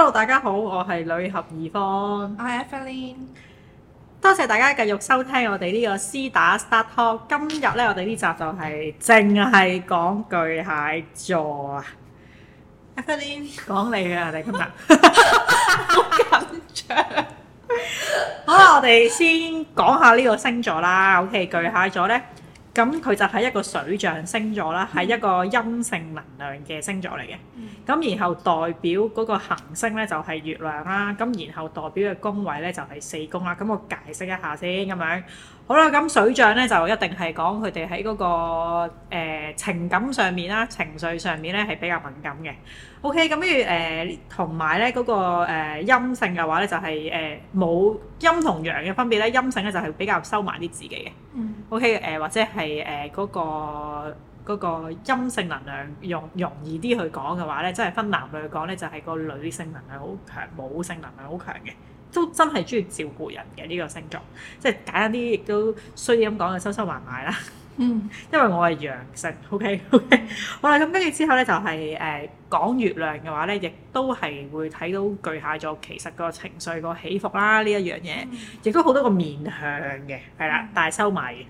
hello，大家好，我係女俠怡芳，我係 Evelyn，多謝大家繼續收聽我哋呢個私打 star talk，今日呢我哋呢集就係淨係講巨蟹座啊，Evelyn 講你啊，你今日好緊張，好啦，我哋先講下呢個星座啦，OK，巨蟹座呢。咁佢就係一個水象星座啦，係 一個陰性能量嘅星座嚟嘅。咁 然後代表嗰個行星咧就係月亮啦，咁 然後代表嘅宮位咧就係四宮啦。咁我解釋一下先咁樣。好啦，咁水象咧就一定係講佢哋喺嗰個、呃、情感上面啦，情緒上面咧係比較敏感嘅。OK，咁跟住誒同埋咧嗰個誒陰、呃、性嘅話咧，就係誒冇陰同陽嘅分別咧，陰性咧就係比較收埋啲自己嘅。OK，誒、呃、或者係誒嗰個嗰陰、嗰個、性能量容易容易啲去講嘅話咧，即係分男女去講咧，就係、係、個女性能量好強，母性能量好強嘅。都真係中意照顧人嘅呢、這個星座，即係簡單啲亦都衰啲咁講嘅收收埋埋啦。嗯， 因為我係陽性，OK OK 好。好啦，咁跟住之後咧就係誒講月亮嘅話咧，亦都係會睇到巨蟹座其實個情緒個起伏啦呢一樣嘢，嗯、亦都好多個面向嘅，係啦，大、嗯、收埋嘅，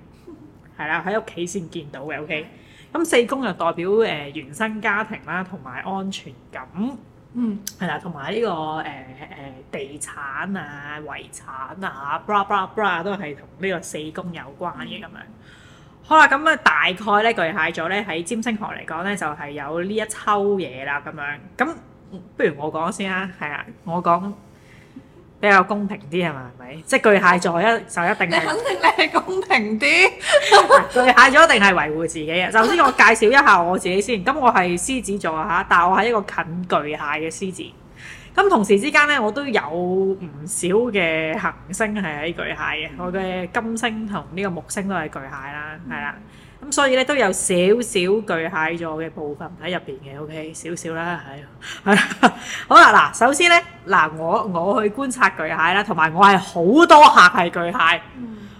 係啦， 喺屋企先見到嘅，OK。咁四宮又代表誒、呃、原生家庭啦、啊，同埋安全感。嗯，係啦、這個，同埋呢個誒誒地產啊、遺產啊、bla、ah, bla bla 都係同呢個四宮有關嘅咁樣。好啦，咁啊大概咧巨蟹座咧喺占星學嚟講咧就係、是、有呢一抽嘢啦咁樣。咁不如我講先啦、啊，係啊，我講。比較公平啲係嘛？係咪？即巨蟹座一就一定係肯定你係公平啲。 巨蟹座一定係維護自己啊！首先我介紹一下我自己先。咁我係獅子座嚇，但係我係一個近巨蟹嘅獅子。咁同時之間咧，我都有唔少嘅行星係喺巨蟹嘅。我嘅金星同呢個木星都係巨蟹啦，係啦、嗯。咁所以咧，都有少少巨蟹座嘅部分喺入邊嘅，OK 少少啦，係、哎、係。 好啦，嗱，首先咧，嗱我我去觀察巨蟹啦，同埋我係好多客係巨蟹，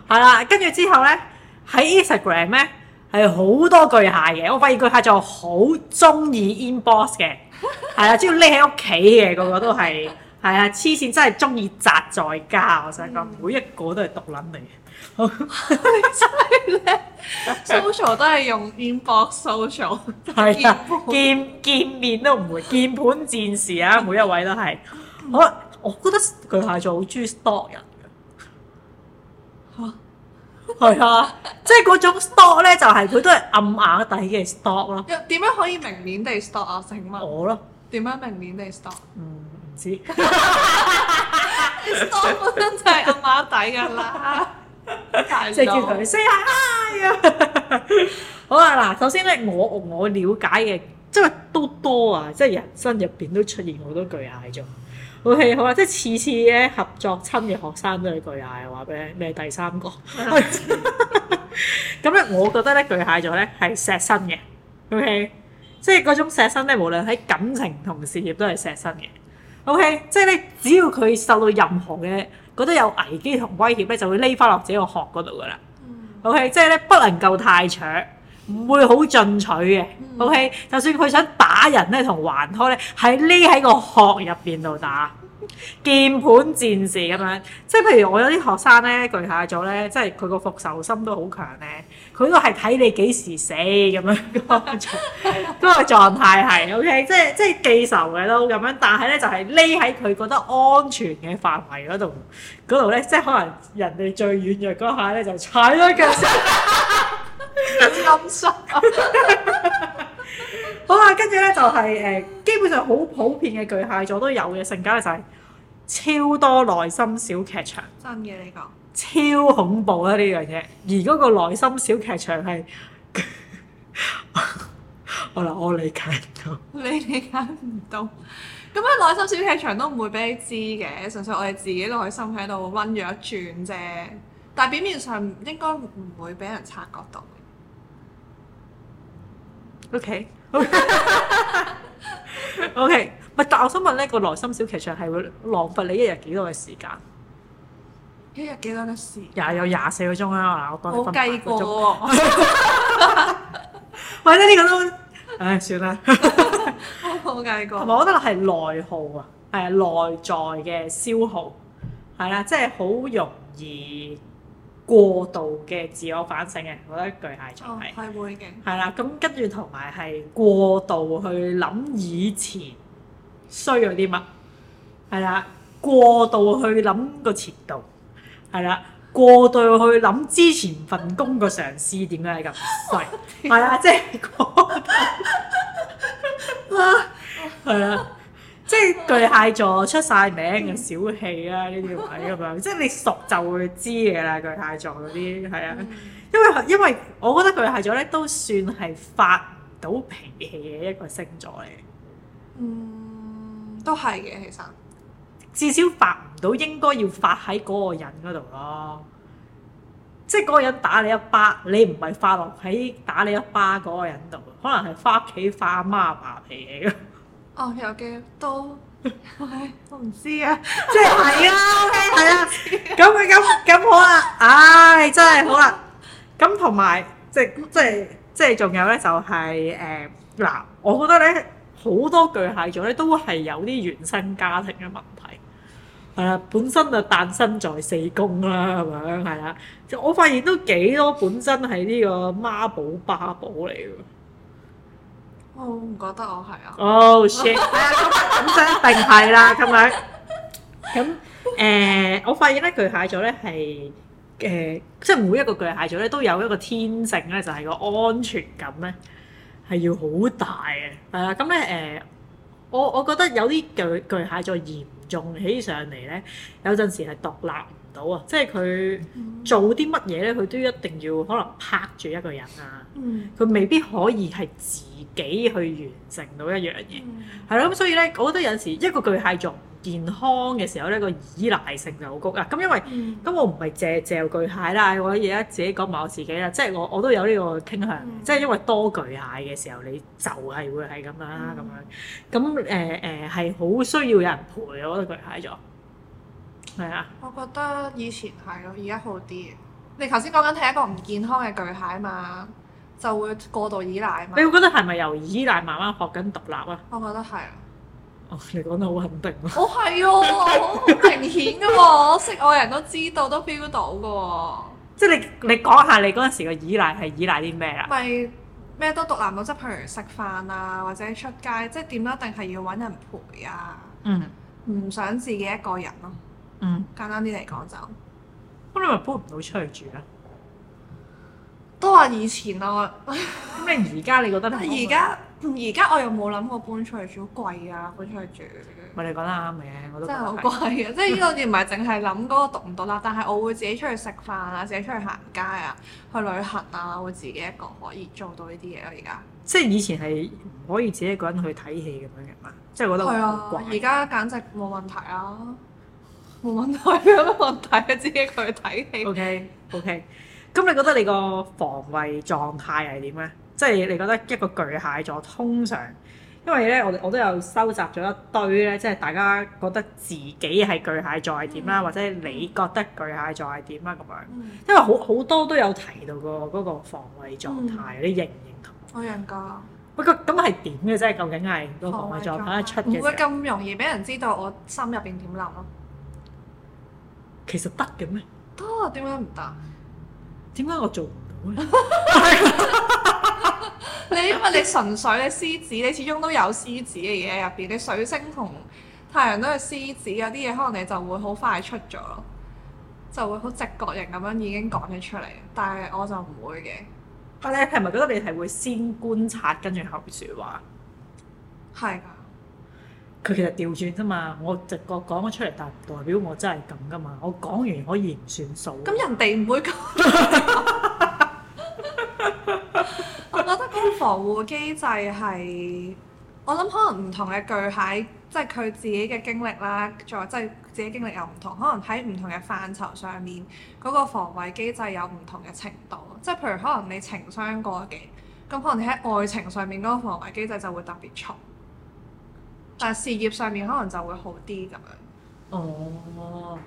係啦、嗯。跟住之後咧，喺 Instagram 咧，係好多巨蟹嘅，我發現巨蟹座好中意 inbox 嘅，係啊， 只要匿喺屋企嘅個個都係，係啊，黐線真係中意宅在家，我想講、嗯、每一個都係獨撚嚟。 好，真係咧！social 都係用 inbox social，見見見面都唔會鍵盤戰士啊！每一位都係，我 我覺得巨蟹座好中意 store 人吓？係 啊，即係嗰種 store 咧，就係、是、佢都係暗啞底嘅 store 咯。點 樣可以明年地 store 啊？請問我咯，點樣明年地 store？唔唔知 store 本身就係暗啞底噶啦。即係叫佢 say hi 啊！好啊，嗱，首先咧，我我了解嘅，即係都多啊，即係人生入邊都出現好多巨蟹座。O K，好啊，即係次次咧合作親嘅學生都係巨蟹，話俾你，你係第三個。咁咧，我覺得咧巨蟹座咧係錫身嘅。O K，即係嗰種錫身咧，無論喺感情同事業都係錫身嘅。O K，即係咧，只要佢受到任何嘅。覺得有危機同威脅咧，就會匿翻落自己個殼嗰度噶啦。嗯、OK，即係咧不能夠太搶，唔會好進取嘅。嗯、OK，就算佢想打人咧同還拖咧，係匿喺個殼入邊度打。鍵盤戰士咁樣，即係譬如我有啲學生咧，巨蟹座咧，即係佢個復仇心都好強咧，佢都係睇你幾時死咁樣，嗰個嗰個狀態係 OK，即係即係記仇嘅都咁樣，但係咧就係匿喺佢覺得安全嘅範圍嗰度嗰度咧，即係可能人哋最軟弱嗰下咧就踩咗腳先陰濕。好啦，跟住咧就係、是、誒、呃，基本上好普遍嘅巨蟹座都有嘅性格就係超多內心小劇場。真嘅，呢個超恐怖啊呢樣嘢，而嗰個內心小劇場係好啦，我理解唔到。你理解唔到？咁樣，內心小劇場都唔會俾你知嘅，純粹我哋自己內心喺度温咗一轉啫。但表面上應該唔會俾人察覺到。O K。OK，咪但我想問咧，個內心小劇場係會浪費你一日幾多嘅時間？一日幾多嘅時？廿有廿四個鐘啦、啊，我覺得。我計過喎。或者呢個都，唉，算啦。我計過。同埋我覺得係內耗啊，係啊，內在嘅消耗，係啦、啊，即係好容易。過度嘅自我反省嘅，我覺得巨蟹座係，係會嘅。係啦，咁跟住同埋係過度去諗以前衰咗啲乜，係啦，過度去諗個前度，係啦，過度去諗之前份工個上司點解係咁衰，係啦，即係過，係啊。即係巨蟹座出晒名嘅小氣啦、啊，呢啲、嗯、位咁樣，即係你熟就會知嘅啦。巨蟹座嗰啲係啊，嗯、因為因為我覺得巨蟹座咧都算係發唔到脾氣嘅一個星座嚟。嗯，都係嘅，其實至少發唔到應該要發喺嗰個人嗰度咯。即係嗰個人打你一巴，你唔係發落喺打你一巴嗰個人度，可能係翻屋企發阿媽阿爸脾氣。哦，有嘅都， 我係唔知啊， 即係係啊，OK 係啊，咁啊咁咁好啊，唉、哎，真係好啦，咁同埋即係即係即係仲有咧，就係誒嗱，我覺得咧好多巨蟹座咧都係有啲原生家庭嘅問題，係啦、啊，本身就誕生在四宮啦咁樣，係啦、啊啊，我發現都幾多本身係呢個孖寶巴寶嚟嘅。我唔覺得我係啊！Oh shit！咁就、 啊、一定係啦，咁樣。咁誒、呃，我發現咧巨蟹座咧係誒，即係每一個巨蟹座咧都有一個天性咧，就係、是、個安全感咧係要好大嘅。係、啊、啦，咁咧誒，我我覺得有啲巨巨蟹座嚴重起上嚟咧，有陣時係獨立。即係佢做啲乜嘢咧，佢都一定要可能拍住一個人啊，佢、嗯、未必可以係自己去完成到一樣嘢，係咯，咁所以咧，我覺得有時一個巨蟹座唔健康嘅時候咧，個依賴性就好高啦、啊。咁因為咁、嗯、我唔係借借巨蟹啦，我而家自己講埋我自己啦，即係我我都有呢個傾向，嗯、即係因為多巨蟹嘅時候，你就係會係咁樣啦、啊，咁、嗯、樣咁誒誒係好需要有人陪我覺得巨蟹座。係啊，我覺得以前係咯，而家好啲。你頭先講緊係一個唔健康嘅巨蟹嘛，就會過度依賴嘛。你會覺得係咪由依賴慢慢學緊獨立啊？我覺得係啊。哦，你講得好肯定啊。哦，係哦、啊，好明顯嘅喎、啊， 我識我人都知道，都 feel 到嘅喎、啊。即係你，你講下你嗰陣時嘅依賴係依賴啲咩啊？咪咩都獨立唔到，即係譬如食飯啊，或者出街，即係點都一定係要揾人陪啊。嗯，唔想自己一個人咯、啊。嗯，簡單啲嚟講就、嗯，咁、嗯、你咪搬唔到出去住咧？都話以前咯、啊。咩而家你覺得？而家而家我又冇諗過搬出去住，好貴啊！搬出去住。咪你講得啱嘅，我都真係好貴啊！ 即係呢個唔係淨係諗嗰個讀唔讀啦， 但係我會自己出去食飯啊，自己出去行街啊，去旅行啊，會自己一個可以做到呢啲嘢咯。而家即係以前係唔可以自己一個人去睇戲咁樣嘅嘛，即係覺得好貴。而家、啊、簡直冇問題啊！冇問題，有咩問題啊？自己去睇戲。O K O K，咁你覺得你個防衞狀態係點咧？即係你，你覺得一個巨蟹座通常，因為咧我我都有收集咗一堆咧，即係大家覺得自己係巨蟹座係點啦，嗯、或者你覺得巨蟹座係點啦咁樣。樣嗯、因為好好多都有提到過嗰個防衞狀態，嗯、你認唔認同？我認噶。喂，個咁係點嘅啫？究竟係個防衞狀態，衛狀態出出嘅？唔會咁容易俾人知道我心入邊點諗咯。其實得嘅咩？得啊，點解唔得？點解我做唔到咧？你因為你純粹你獅子，你始終都有獅子嘅嘢入邊。你水星同太陽都係獅子，有啲嘢可能你就會好快出咗，就會好直覺型咁樣已經講咗出嚟。但係我就唔會嘅。但你係咪係覺得你係會先觀察，跟住後面説話？係噶。佢其實調轉啫嘛，我直覺講咗出嚟，但唔代表我真係咁噶嘛，我講完可以唔算數。咁人哋唔會講。 我覺得嗰個防護機制係，我諗可能唔同嘅巨蟹，即係佢自己嘅經歷啦，仲即係自己經歷又唔同，可能喺唔同嘅範疇上面，嗰個防衞機制有唔同嘅程度。即係譬如可能你情商過勁，咁可能你喺愛情上面嗰個防衞機制就會特別重。但事業上面可能就會好啲咁樣。哦，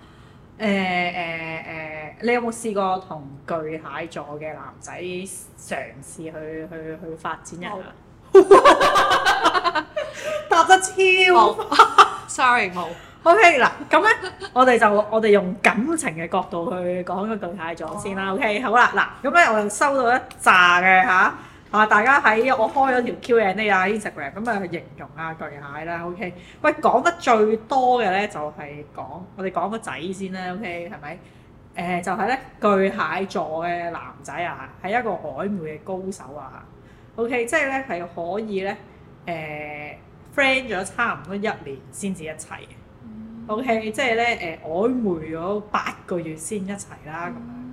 誒誒誒，你有冇試過同巨蟹座嘅男仔嘗試去去去發展一下？哦、 答得超、哦、 ，sorry 冇。OK 嗱，咁咧我哋就我哋用感情嘅角度去講個巨蟹座先啦。哦、OK 好啦，嗱咁咧我又收到一紮嘅嚇。啊，大家喺我開咗條 Q&A，啊，Instagram 咁啊嗯去形容啊，巨蟹啦，OK, 喂，講得最多嘅呢，就係講，我哋講個仔先啦，OK？係咪？誒就係呢巨蟹座嘅男仔啊，係一個曖昧嘅高手啊，OK？即係呢係可以呢，誒 friend 咗差唔多一年先至一齊嘅，OK？即係呢，誒曖昧咗八個月先一齊啦咁樣。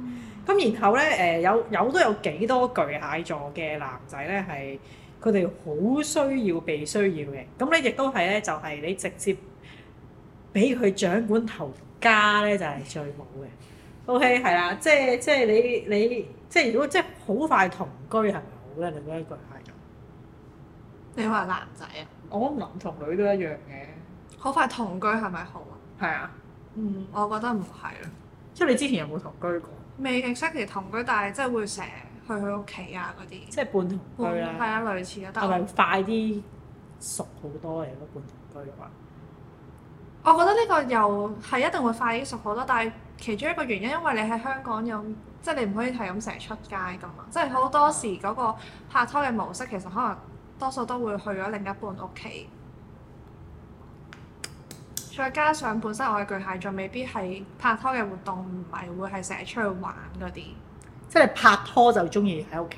咁然後咧，誒、呃、有有都有幾多巨蟹座嘅男仔咧，係佢哋好需要被需要嘅。咁咧亦都係咧，就係、是、你直接俾佢掌管頭家咧，就係、是、最冇嘅。O K 係啦，即係即係你你即係如果即係好快同居係咪好咧？你覺得巨蟹咁？你話男仔啊？我諗男同女都一樣嘅。好快同居係咪好啊？係啊。嗯，我覺得唔係咯。即係你之前有冇同居過？未 exactly 同居，但係即係會成日去佢屋企啊嗰啲。即係半同居啦，類似啊。係咪會快啲熟好多嘅？嗰半同居嘅話。我覺得呢個又係一定會快啲熟好多，但係其中一個原因，因為你喺香港有，即係你唔可以係咁成日出街噶嘛，即係好多時嗰個拍拖嘅模式其實可能多數都會去咗另一半屋企。再加上本身我嘅巨蟹座，未必係拍拖嘅活動，唔係會係成日出去玩嗰啲。即係拍拖就中意喺屋企。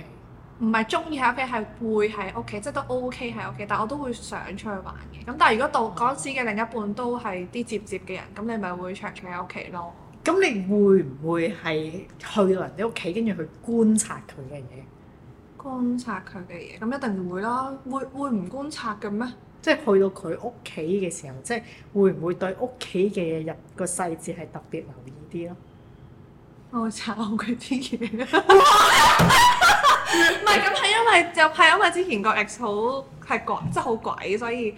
唔係中意喺屋企，係會喺屋企，即係都 OK 喺屋企。但係我都會想出去玩嘅。咁但係如果到嗰陣時嘅另一半都係啲接接嘅人，咁你咪會長長喺屋企咯。咁、嗯、你會唔會係去到人哋屋企，跟住去觀察佢嘅嘢？觀察佢嘅嘢，咁一定會啦。會會唔觀察嘅咩？即係去到佢屋企嘅時候，即係會唔會對屋企嘅嘢入個細節係特別留意啲咯？我抄佢啲嘢，唔係咁係因為就係因為之前個 ex 好係鬼，即係好鬼，所以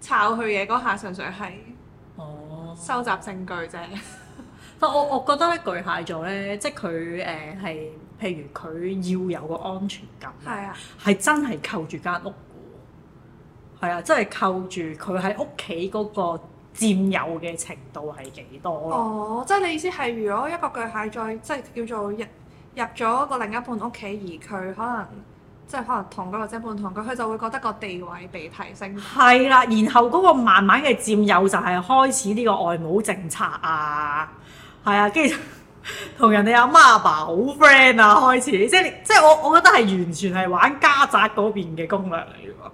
抄佢嘢嗰下純粹係哦收集證據啫。不 我我覺得咧巨蟹座咧，即係佢誒係譬如佢要有個安全感，係、嗯、啊，係 真係扣住間屋。係啊，即係、就是、扣住佢喺屋企嗰個佔有嘅程度係幾多咯？哦，即係你意思係，如果一個巨蟹再即係叫做入入咗個另一半屋企，而佢可能即係可能同居或者半同居，佢就會覺得個地位被提升。係啦，然後嗰個慢慢嘅佔有就係開始呢個外母政策啊，係啊， 跟住同人哋阿媽阿爸好 friend 啊，開始即係即係我我覺得係完全係玩家宅嗰邊嘅攻略嚟㗎。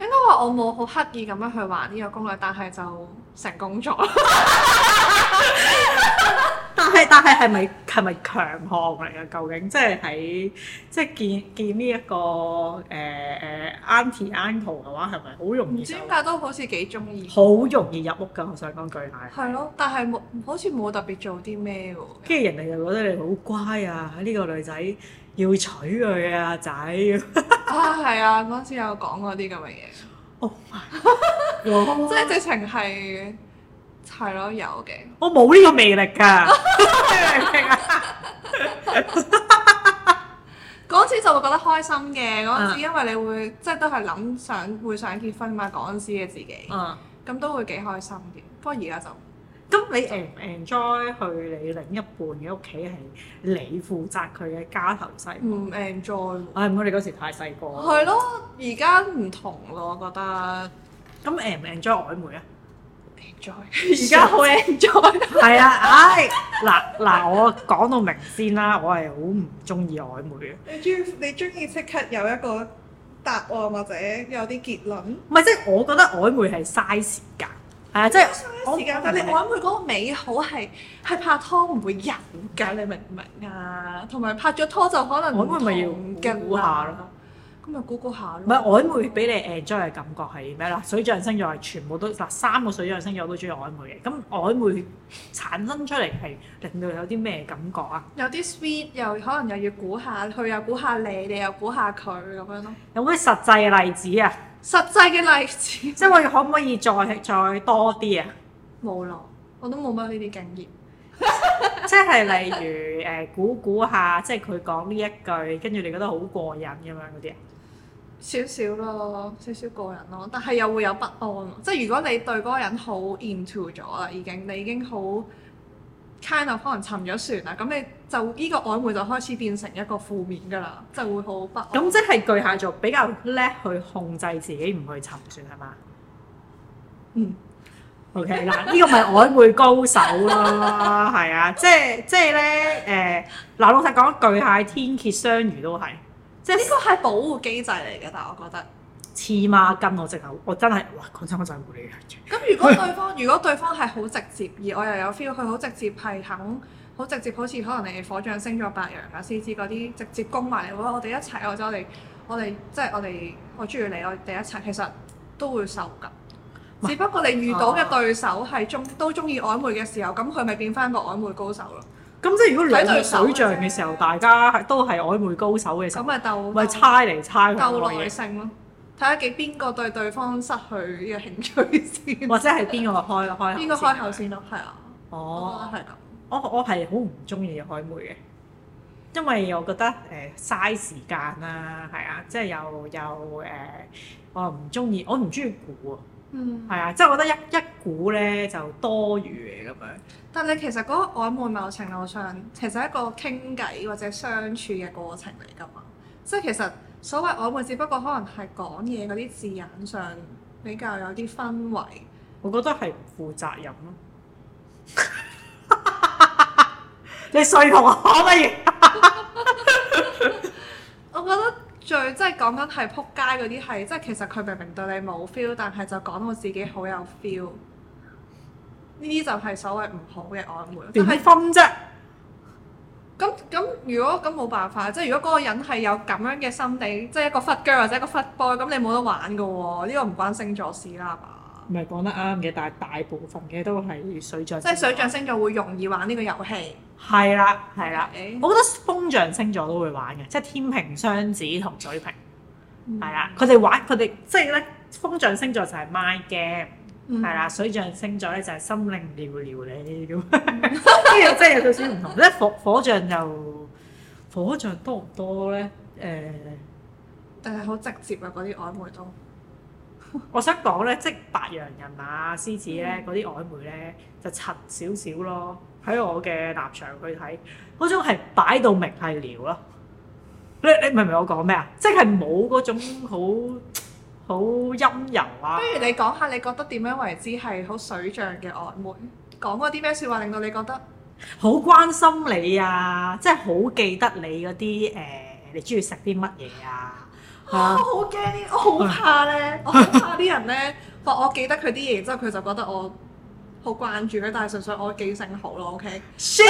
應該話我冇好刻意咁樣去玩呢個攻略，但係就成功咗。 但係但係係咪係咪強項嚟啊？究竟即係喺即係見見呢、這、一個誒誒、呃啊、auntie uncle 嘅話，係咪好容易？唔知點解都好似幾中意。好容易入屋㗎，我想講句，蟹。係咯，但係冇好似冇特別做啲咩喎。跟住人哋又覺得你好乖啊！呢、這個女仔。要娶佢啊，仔！ 啊，係啊，嗰次有講過啲咁嘅嘢。哦，即係直情係係咯，有嘅。我冇呢個魅力㗎。嗰次就會覺得開心嘅，嗰次因為你會、uh. 即係都係諗想，想，想會想結婚嘛，嗰陣時嘅自己。咁、uh. 都會幾開心嘅，不過而家就～咁、嗯、你 enjoy 就去你另一半嘅屋企係你負責佢嘅家頭細？唔 enjoy？唉，我哋嗰時太細個。係咯，而家唔同咯，我覺得。咁、嗯、enjoy 曖昧啊？enjoy，而家好 enjoy。係啊，唉，嗱嗱， 我講到明先啦，我係好唔中意曖昧嘅。你中意，你中意即刻有一個答案或者有啲結論？唔係，即係我覺得曖昧係嘥時間。係啊，即係我，但係曖昧嗰個美好係係拍拖唔會有㗎，你明唔明啊？同埋拍咗拖就可能，曖昧咪要估下咯，咁咪估估下咯。唔係曖昧俾你 enjoy 嘅感覺係咩啦水象星座係全部都，嗱，三個水象星座我都中意曖昧嘅。咁曖昧產生出嚟係令到有啲咩感覺啊？有啲 sweet 又可能又要估下佢，又估下你，你又估下佢咁樣咯。有冇啲實際嘅例子啊？實際嘅例子， 即係我哋可唔可以再再多啲啊？冇咯，我都冇乜呢啲經驗。 即係例如誒，估估下，即係佢講呢一句，跟住你覺得好過癮咁樣嗰啲啊？少少咯，少少過癮咯，但係又會有不安。即係如果你對嗰個人好 into 咗啦，已經你已經好 kind of，可能沉咗船啦。咁你。就呢個曖昧就開始變成一個負面噶啦，就會好，好不咁，即係巨蟹座比較叻去控制自己唔去沉船係嘛？嗯，OK 嗱啦，呢 個咪曖昧高手咯，係 啊，即係即係咧誒，嗱、呃、老實講，巨蟹天蠍、雙魚都係，即係呢個係保護機制嚟嘅，但係我覺得黐孖筋，我直頭我真係哇講真，我真係冇理咁，如果對方 如果對方係好直接，而我又有 feel，佢好直接係肯。好直接，好似可能你火象升咗白羊啊、獅子嗰啲，直接攻埋嚟。我哋一齊，或者我哋我哋即係我哋我中意你，我哋一齊，其實都會受㗎。只不過你遇到嘅對手係中都中意曖昧嘅時候，咁佢咪變翻個曖昧高手咯。咁即係如果兩對水象嘅時候，大家都係曖昧高手嘅時候，咁咪鬥咪猜嚟猜去嘅嘢。鬥耐性咯，睇下幾邊個對對方失去呢個興趣先，或者係邊個開開邊個開口先咯，係啊，哦，係啊。我我係好唔中意曖昧嘅，因為我覺得誒嘥、呃、時間啦、啊，係啊，即係又又誒、呃，我唔中意，我唔中意估。啊，係啊，即係我覺得一一估咧就多餘咁樣。但你其實嗰個曖昧某程度上其實係一個傾偈或者相處嘅過程嚟㗎嘛，即係其實所謂曖昧，只不過可能係講嘢嗰啲字眼上比較有啲氛圍，我覺得係唔負責任咯。 你衰同我不如， 我覺得最真係講緊係撲街嗰啲係，即係其實佢明明對你冇 feel，但係就講到自己好有 feel。呢啲就係所謂唔好嘅曖昧。點分啫？咁咁、就係、如果咁冇辦法，即係如果嗰個人係有咁樣嘅心地，即係一個忽 girl 或者一個忽 boy，咁你冇得玩噶喎、哦。呢、這個唔關星座事啦。係咪？唔係講得啱嘅，但係大部分嘅都係水象。即係水象星座會容易玩呢個遊戲。係啦，係啦。誒我覺得風象星座都會玩嘅，即係天秤、雙子同水瓶。係啦、嗯，佢哋玩佢哋，即係咧風象星座就係 my game，係啦、嗯，水象星座咧就係心靈聊聊你咁。呢個係有少少唔同。即係火火象又火象多唔多咧？誒、呃、誒，好直接啊！嗰啲曖昧都。 我想講咧，即白羊人啊、獅子咧嗰啲曖昧咧就柒少少咯，喺我嘅立場去睇，嗰種係擺到明係聊咯啊。你你明唔明我講咩啊？即係冇嗰種好好陰柔啊。不如你講下你覺得點樣為之係好水象嘅曖昧？講過啲咩說話令到你覺得好關心你啊？即係好記得你嗰啲誒，你中意食啲乜嘢啊？啊、我好驚我好怕咧，我好怕啲 人咧。我記得佢啲嘢，之後佢就覺得我好慣住咧。但係純粹我記性好咯，OK。你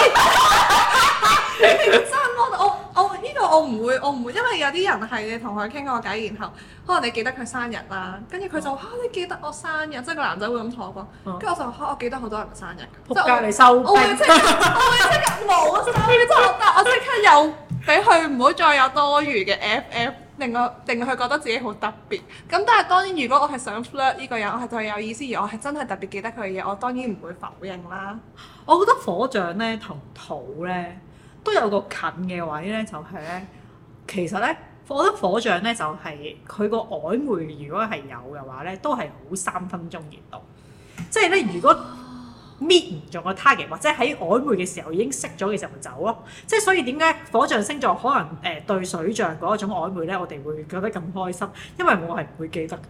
認真麼？我我呢、這個我唔會，我唔會，因為有啲人係你同佢傾過偈，然後可能你記得佢生日啦，跟住佢就嚇、啊、你記得我生日，即係個男仔會咁同我講。跟住、啊、我就嚇我記得好多人生日，賢即撲街嚟收。我即刻，我即刻冇錯， 但係我即刻又俾佢唔好再有多餘嘅 FM。F 令我令佢覺得自己好特別，咁但係當然，如果我係想 flirt 呢個人，我係對佢有意思，而我係真係特別記得佢嘅嘢，我當然唔會否認啦 我、就是。我覺得火象咧同土咧都有個近嘅位咧，就係咧其實咧，我覺得火象咧就係佢個曖昧如，如果係有嘅話咧，都係好三分鐘熱度，即係咧如果。搣唔中個 target，或者喺曖昧嘅時候已經識咗嘅時候就走咯，即係所以點解火象星座可能誒、呃、對水象嗰一種曖昧咧，我哋會覺得咁開心，因為我係唔會記得嘅，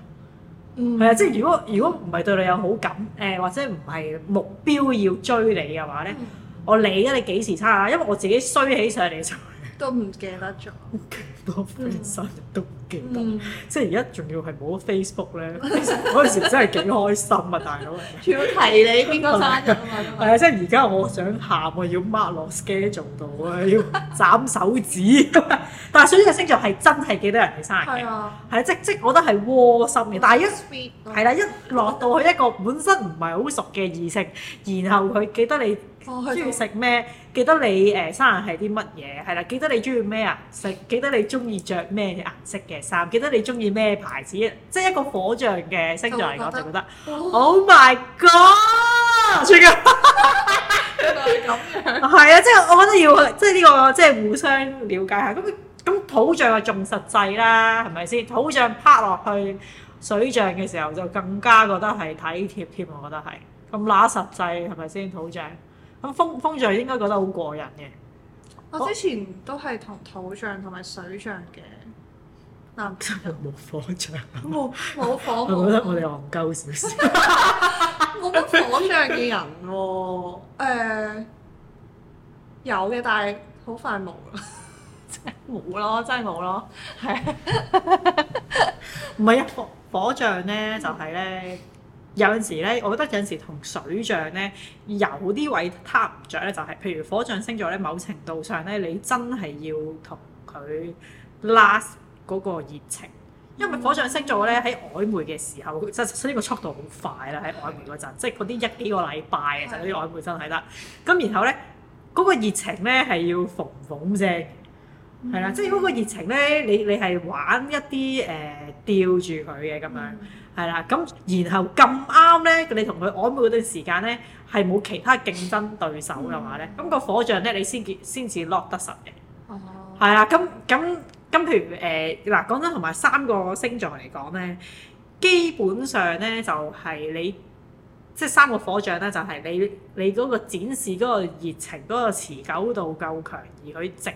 係啊、嗯，即係、就是、如果如果唔係對你有好感，誒、呃、或者唔係目標要追你嘅話咧，嗯、我理啊你幾時差啦，因為我自己衰起上嚟就 都唔記得咗。 多 friend 生日都唔記得，嗯、即係而家仲要係冇 Facebook 咧，嗰陣 時真係幾開心啊！大佬， 要提你邊個生日啊？係啊， 即係而家我想喊啊，我要 mark 落 schedule 度啊，要斬手指。 但係所以呢個星座係真係記得人哋生日嘅，係啊，即係即係我覺得係窩心嘅。但係一係啦，一落到去一個本身唔係好熟嘅異性，然後佢記得你中意食咩？嗯記得你誒生日係啲乜嘢係啦？記得你中意咩啊？食記得你中意著咩顏色嘅衫？記得你中意咩牌子？即係一個火象嘅星座嚟講，我就覺得 Oh my God！咁樣係啊！即係我覺得要即係呢個即係互相瞭解下。咁咁土象就仲實際啦，係咪先？土象拍落去水象嘅時候就更加覺得係體貼添，我覺得係咁乸實際係咪先？土象。咁風風象應該覺得好過癮嘅。我之前都係同土象同埋水象嘅。難得冇火象。冇冇火。 我覺得我哋憨鳩少少。冇 乜 火象嘅人喎、啊 呃，有嘅，但係好快冇喇。即係冇咯，真係冇咯，係。 唔係啊，火火象咧，就係、是、咧。嗯有陣時咧，我覺得有陣時同水象咧有啲位攤唔著咧，就係、是、譬如火象星座咧，某程度上咧，你真係要同佢拉嗰個熱情，因為火象星座咧喺曖昧嘅時候，即係呢個速度好快啦，喺曖昧嗰陣，即係嗰啲一幾個禮拜啊，就嗰啲曖昧真係得。咁對 然後咧，嗰、那個熱情咧係要縫縫啫。係啦，即係嗰個熱情咧，你你係玩一啲誒吊住佢嘅咁樣，係啦，咁然後咁啱咧，你同佢曖昧嗰段時間咧，係冇其他競爭對手嘅話咧，咁個火象咧，你先結先至 lock 得實嘅。哦，係啊，咁咁咁譬如誒嗱，講真同埋三個星座嚟講咧，基本上咧就係你即係三個火象咧，就係你你嗰個展示嗰個熱情嗰個持久度夠強，而佢直。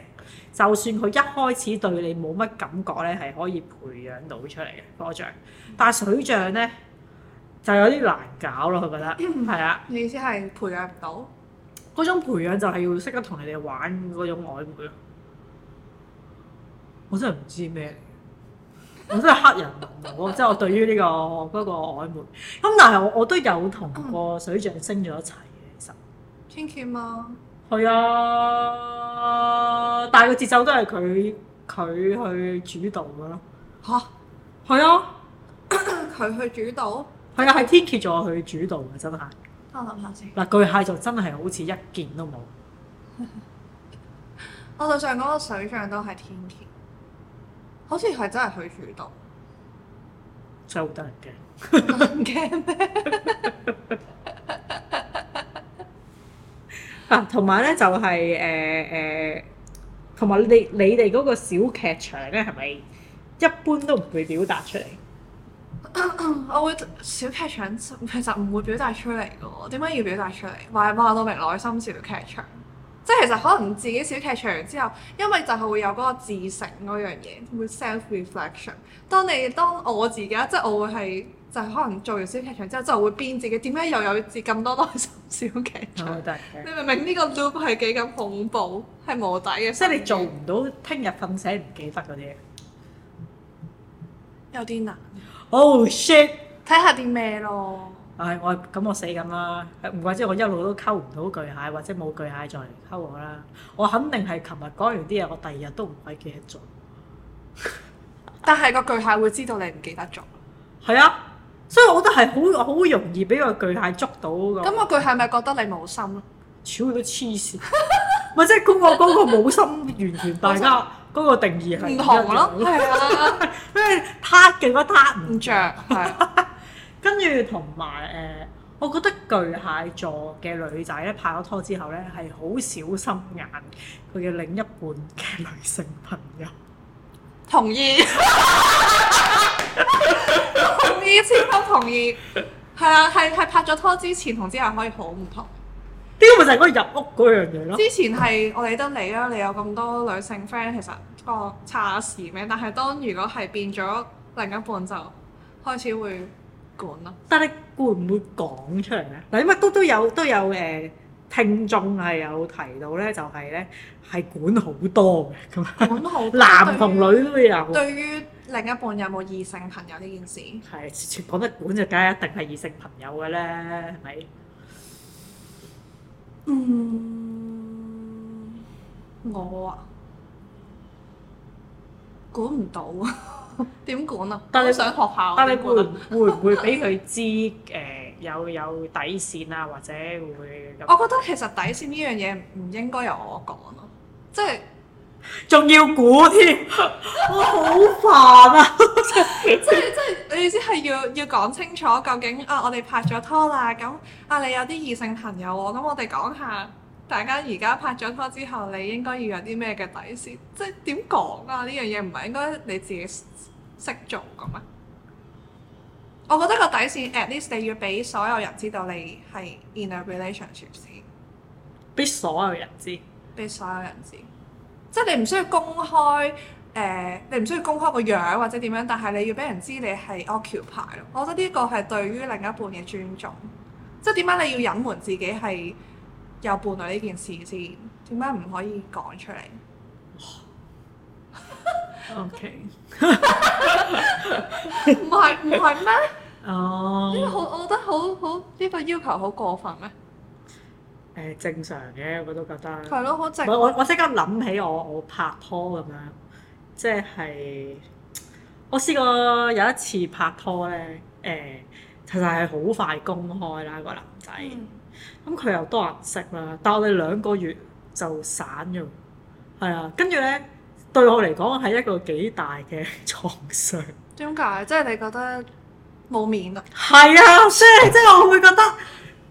就算佢一開始對你冇乜感覺咧，係可以培養到出嚟嘅火象，但係水象咧就有啲難搞咯。佢覺得係啊，你意思係培養唔到？嗰種培養就係要識得同你哋玩嗰種曖昧咯。我真係唔知咩，我真係黑人問號。即係我對於呢個嗰個曖昧，咁但係我我都有同個水象升咗一齊嘅，其實天蠍嗎？係啊。誒、呃，但係個節奏都係佢佢去主導噶咯吓，係蛤啊，佢 去主導，係啊，係天蠍座去主導嘅真係。我諗下先嗱，巨蟹座真係好似一件都冇。 我對上嗰個水象都係天蠍，好似係真係去主導，真係好得人驚。驚咩？啊，同埋咧就係誒誒，同、呃、埋、呃、你你哋嗰個小劇場咧，係咪一般都唔會表達出嚟咳咳？我會小劇場其實唔會表達出嚟嘅，點解要表達出嚟？話話到明內心小劇場。即係其實可能自己小劇場之後，因為就係會有嗰個自省嗰樣嘢，會 self reflection。當你當我自己即係我會係就係、是、可能做完小劇場之後，就會問自己點解又有字咁多多心小劇場，oh, okay. 你明唔明呢個 loop 係幾咁恐怖？係無底嘅。即係你做唔到，聽日瞓醒唔記得嗰啲。有啲難。Oh shit！睇下啲咩囉。唉、啊，我咁我死咁啦、啊，唔怪之我一路都溝唔到巨蟹，或者冇巨蟹再嚟溝我啦。我肯定係琴日講完啲嘢，我第二日都唔會記得咗。但係個巨蟹會知道你唔記得咗。係啊，所以我覺得係好好容易俾個巨蟹捉到、嗰個。咁個巨蟹咪覺得你冇心咯？超都黐線，咪即係估我嗰個冇心完全大家，嗰個定義係唔同咯。係 啊，因為撻嘅嗰撻唔著。跟住同埋誒，我覺得巨蟹座嘅女仔咧，拍咗拖之後咧，係好小心眼佢嘅另一半嘅女、啊、女性朋友。同意，同意，千分同意。係啊，係係拍咗拖之前同之後可以好唔同。點解咪就係可以入屋嗰樣嘢咯？之前係我理得你啊，你有咁多女性 friend，其實我叉事咩？但係當如果係變咗另一半就開始會。管咯，但係你會唔會講出嚟咧？嗱，因為都都有都有誒聽眾係有提到咧，就係咧係管好多嘅，咁管好多，男同女都有。對於另一半有冇異性朋友呢件事？係全講得管就梗係一定係異性朋友嘅咧，係咪？嗯，我啊，管唔到啊。點 管啊？但你想學校、啊，但你會 會唔會俾佢知？誒、呃、有有底線啊，或者會唔會、啊、 我覺得其實底線呢樣嘢唔應該由我講咯，即係仲要估添，我、哦、好煩啊！即係 即係你意思係要要講清楚，究竟啊我哋拍咗拖啦，咁啊你有啲異性朋友喎，咁我哋講下，大家而家拍咗拖之後，你應該要有啲咩嘅底線？即係點講啊？呢樣嘢唔係應該你自己。識做個咩？我覺得個底線 at least 你要俾所有人知道你係 in a relationship 先，俾所有人知，俾所有人知， 即係你唔需要公開誒，uh, 你唔需要公開個樣或者點樣，但係你要俾人知你係 o c c u p y 咯。我覺得呢個係對於另一半嘅尊重。即係點解你要隱瞞自己係有伴侶呢件事先？點解唔可以講出嚟？O K，唔係唔係咩？哦 Okay. 呢、um, 個我覺得好好，呢、呢個要求好過分咩？誒、呃，正常嘅我都覺得。係咯，好正。我我即刻諗起我我拍拖咁樣，即係我試過有一次拍拖咧，誒、呃，其實係好快公開啦個男仔，咁佢又多人識啦，但係我哋兩個月就散咗，係啊，跟住咧。對我嚟講係一個幾大嘅創傷。點解？即係你覺得冇面啊？係 啊，即係我會覺得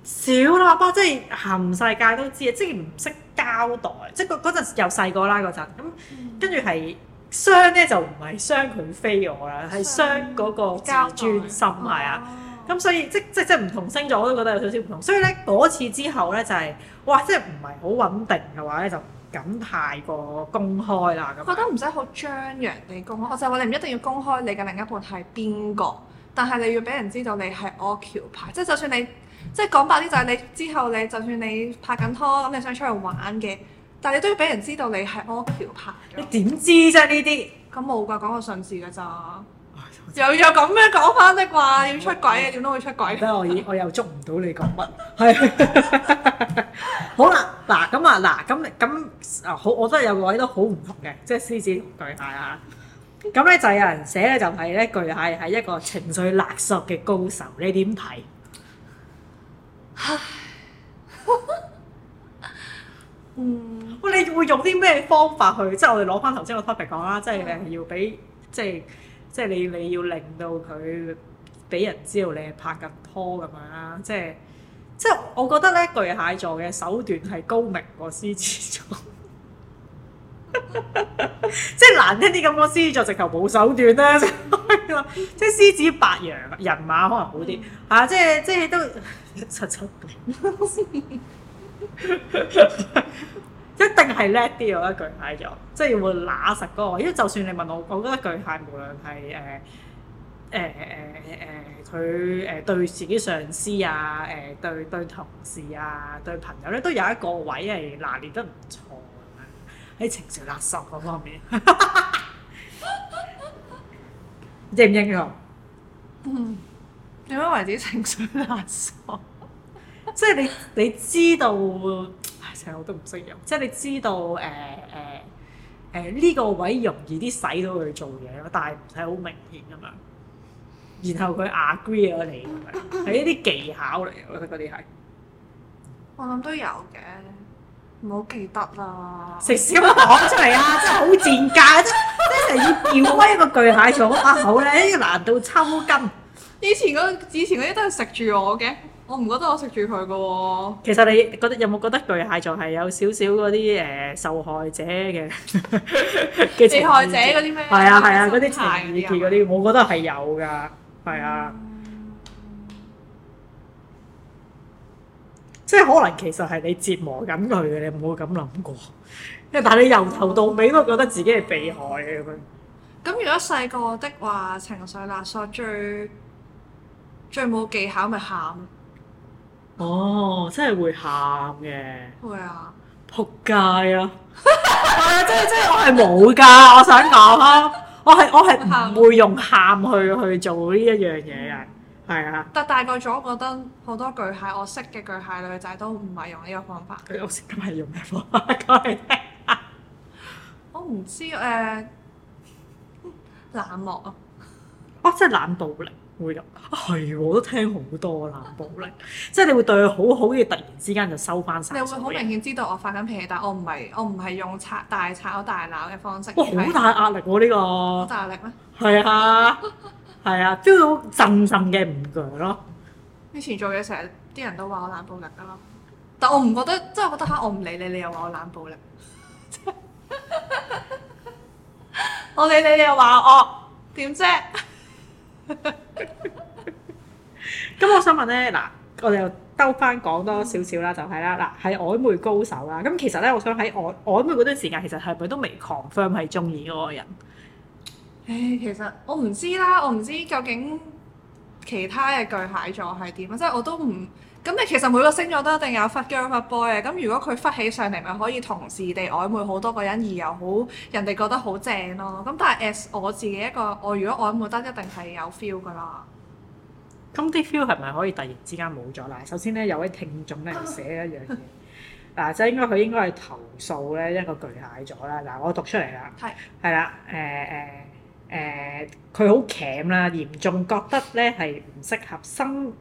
小喇叭，即係行世界都知啊，即係唔識交代，即係嗰陣時又細個啦嗰陣。咁跟住係傷咧，就唔係傷佢飛我啦，係傷嗰個自尊心係代啊。咁、哦嗯、所以即即即唔同星座我都覺得有少少唔同。所以咧嗰次之後咧就係、是，哇！即係唔係好穩定嘅話咧就。咁太過公開啦，咁我覺得唔使好張揚地公開，我就話你唔一定要公開你嘅另一半係邊個，但係你要俾人知道你係 occupied，即係就算你即係講白啲就係你之後你就算你拍緊拖咁，你想出去玩嘅，但係你都要俾人知道你係 occupied，你點知啫呢啲？咁冇㗎，講個順序㗎咋。又又咁樣講翻啲啩？點出軌啊？點都會出軌。得我已，我又捉唔到你講乜。係。好啦，嗱咁啊，嗱咁咁啊，好，我都係有位都好唔同嘅，即係獅子同巨蟹啊。咁咧就係有人寫咧，就係咧巨蟹係一個情緒勒索嘅高手，你點睇？嗯。喂，你會用啲咩方法去？即係我哋攞翻頭先個 topic 講啦，即係要俾即係。即係你你要令到佢俾人知道你係拍緊拖咁樣啦，即係即係我覺得咧巨蟹座嘅手段係高明過獅子座 即係難聽啲咁講，獅子座直頭冇手段咧、啊， 即係獅子白羊人馬可能好啲嚇、嗯啊，即係即係都七七度。 一定係叻啲，我覺得巨蟹座，即係會乸實嗰、那個。因為就算你問我，我覺得巨蟹無論係誒誒誒誒，佢、呃、誒、呃呃呃呃、對自己上司啊、誒、呃、對對同事啊、對朋友咧，都有一個位係拿捏得唔錯咁樣，喺情緒垃圾嗰方面。 認唔認同？點解話叫情緒垃圾？ 即係你你知道。成日我都唔識用，即係你知道誒誒誒呢個位容易啲使到佢做嘢咯，但係唔係好明顯咁樣。然後佢 agree 我哋係一啲技巧嚟，我覺得嗰啲係。我諗都有嘅，唔好記得啦。食屎咁講出嚟啊！ 真係好賤格，真真係要撬開一個巨蟹，做嗰把口咧，難度抽筋。以前嗰、嗰個、以前嗰啲都係食住我嘅。我唔覺得我食住佢嘅喎。其實你覺得有冇覺得巨蟹座係有少少嗰啲誒受害者嘅？受害者嗰啲咩？係啊係啊，嗰啲情義結嗰啲，我覺得係有噶，係啊。即係可能其實係你折磨緊佢嘅，你唔會咁諗過。但係你由頭到尾都覺得自己係被害嘅咁樣。咁如果細個嘅話，情緒勒索最最冇技巧咪喊？哦，真係會喊嘅，會啊，撲街啊！即係即係，我係冇噶，我想講啊！我係我係唔會用喊去去做呢一樣嘢啊，係啊、嗯！的但大個咗，我覺得好多巨蟹，我識嘅巨蟹女仔都唔係用呢個方法。佢老細都係用咩方法？ 我唔知誒、呃，冷漠啊！哦，即係冷暴力。會入係喎，我都聽好多冷暴力，即係你會對佢好好嘅，突然之間就收翻晒。你會好明顯知道我發緊脾氣，但係我唔係，我唔係用拆大吵大鬧嘅方式。好大壓力喎，啊，呢個好大壓力咩？係啊，係啊，feel 到陣陣嘅唔攰咯。以前做嘢成日啲人都話我冷暴力㗎啦，但我唔覺得，即係我覺得吓，我唔理你，你又話我冷暴力。 我理你你又話我點啫？咁 我想問咧，嗱，我哋又兜翻講多少少啦，就係、是、啦，嗱，係曖昧高手啦。咁其實咧，我想喺曖曖昧嗰段時間，其實係咪都未 confirm 係中意嗰個人？唉，其實我唔知啦，我唔知究竟其他嘅巨蟹座係點啊，即係我都唔。咁你其實每個星座都一定有忽 girl 忽 boy 嘅。咁如果佢忽起上嚟，咪可以同時地曖昧好多個人，而又好人哋覺得好正咯。咁但係 as 我自己一個，我如果曖昧得一定係有 feel 噶啦。咁啲 feel 係咪可以突然之間冇咗咧？首先咧，有位聽眾咧寫一樣嘢，嗱，即係應該佢應該係投訴咧一個巨蟹咗啦。嗱、啊、我讀出嚟啦，係係啦，誒誒誒，佢好攜啦，嚴重覺得咧係唔適合生。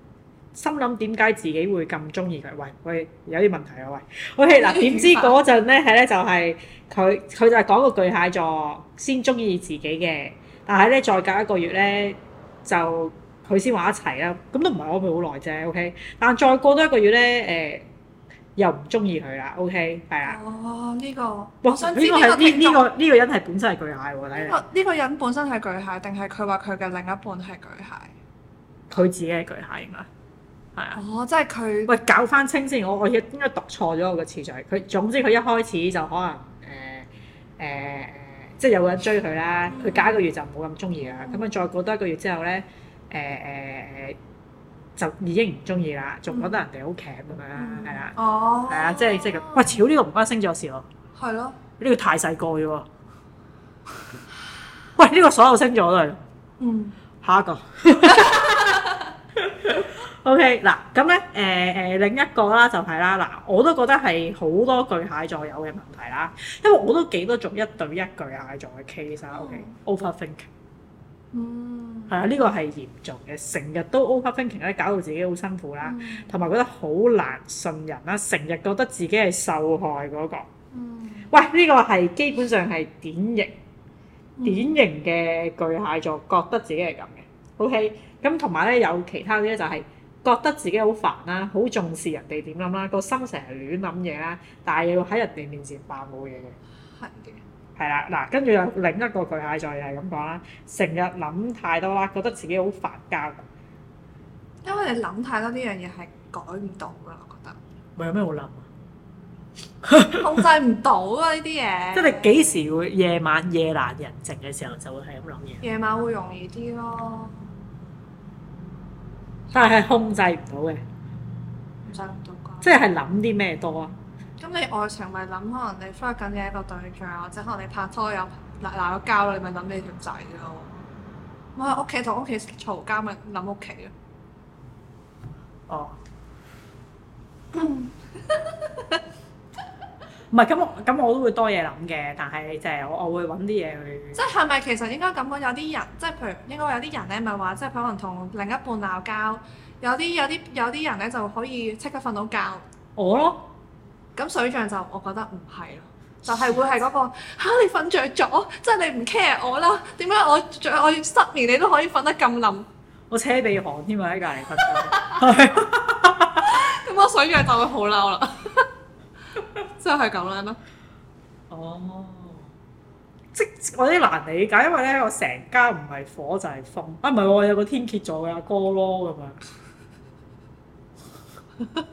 心諗點解自己會咁中意佢？喂喂，有啲問題啊！喂，OK 嗱，點知嗰陣咧係咧就係佢佢就係講個巨蟹座先中意自己嘅，但係咧再隔一個月咧就佢先話一齊啦。咁都唔係我會好耐啫，OK？但再過多一個月咧誒、呃，又唔中意佢啦，OK？係啊。哦，呢個呢個係呢呢個呢個人係本身係巨蟹喎，呢個人本身係巨蟹定係佢話佢嘅另一半係巨蟹？佢自己係巨蟹應該。係 啊！哦，即係佢，喂，搞翻清先，我我要應該讀錯咗我個次序。佢總之佢一開始就可能誒誒、呃呃，即係有個人追佢啦。佢隔、嗯、一個月就唔冇咁中意啦。咁啊、嗯，再過多一個月之後咧，誒、呃、誒，就已經唔中意啦，仲覺得人哋好劇咁樣，係啊，哦，係啊，即係即係，喂，超呢個唔關星座事喎，係咯的，呢個太細個咗喎，喂，呢、呢個所有星座都係，嗯，下一個。 O K 嗱，咁咧，誒誒，另一個啦，就係啦。嗱，我都覺得係好多巨蟹座有嘅問題啦，因為我都幾多做一對一巨蟹座嘅 case 啦。O K overthinking，嗯，係、okay? overthinking 嗯、啊，呢、呢個係嚴重嘅，成日都 overthinking 咧，搞到自己好辛苦啦，同埋、嗯、覺得好難信人啦，成日覺得自己係受害嗰、嗰個。嗯，喂，呢、呢個係基本上係典型典型嘅巨蟹座覺得自己係咁嘅。O K，咁同埋咧有其他啲咧就係、係。覺得自己好煩啦，好重視人哋點諗啦，個心成日亂諗嘢啦，但係要喺人哋面前扮冇嘢嘅。係嘅的。係啦，嗱，跟住又另一個巨蟹座又係咁講啦，成日諗太多啦，覺得自己好發膠，因為你諗太多呢樣嘢係改唔到嘅，我覺得。咪有咩好諗 啊？控制唔到啊呢啲嘢。即係你幾時會晚夜晚夜闌人靜嘅時候就會係咁諗嘢？夜晚會容易啲咯。但係控制唔到嘅，唔使諗到啩，即係諗啲咩多啊？咁、嗯、你愛情咪諗，可能你翻緊嘅一個對象，或者可能你拍拖有鬧鬧咗交，你咪諗你條仔咯。我喺屋企同屋企嘈交，咪諗屋企咯。哦。嗯 唔係，咁我咁我都會多嘢諗嘅，但係就係我我會揾啲嘢去。即係咪其實應該咁講？有啲人即係譬如應該有啲人咧，咪話即係可能同另一半鬧交。有啲有啲有啲人咧就可以即刻瞓到覺。我咯。咁水象就我覺得唔係咯，水就係會係嗰、嗰個、吓、你瞓着咗，即係你唔 care 我啦？點解我著我失眠你都可以瞓得咁冧？我車鼻鼾添啊！喺隔離瞓，咁我水象就會好嬲啦。真係咁樣咯？哦、oh，即我啲難理解，因為咧，我成家唔係火就係風啊！唔係我有個天蠍座嘅阿哥，哥咯，咁樣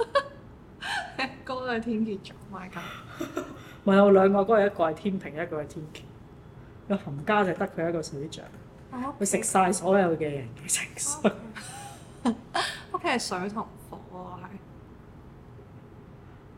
阿哥係天蠍座，my god， 我有兩個哥，哥，一個係天平，一個係天蠍，個冚家就得佢一個水象，佢食晒所有嘅人嘅情緒。屋企係水同火啊，係。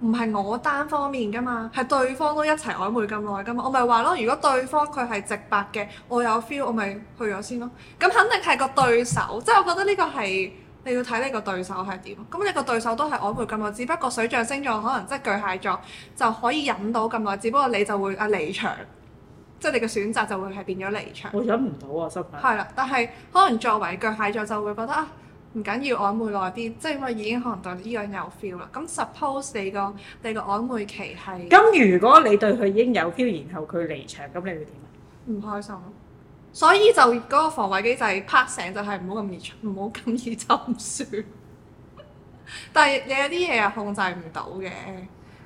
唔係我單方面㗎嘛，係對方都一齊曖昧咁耐㗎嘛。我咪話咯，如果對方佢係直白嘅，我有 feel，我咪去咗先咯。咁肯定係個對手，即係我覺得呢個係你要睇你個對手係點。咁你個對手都係曖昧咁耐，只不過水象星座可能即係巨蟹座就可以忍到咁耐，只不過你就會啊離場，即係你嘅選擇就會係變咗離場。我忍唔到啊，真係。係啦，但係可能作為巨蟹座就會覺得啊。唔緊要，曖昧耐啲即係我已經可能對呢樣有 feel 啦。咁 suppose 你個你個曖昧期係咁，如果你對佢已經有 feel，然後佢離場，咁你會點啊？唔開心，所以就嗰個防衞機制拍醒，就係唔好咁易出，唔好咁易沉船。但係你有啲嘢係控制唔到嘅。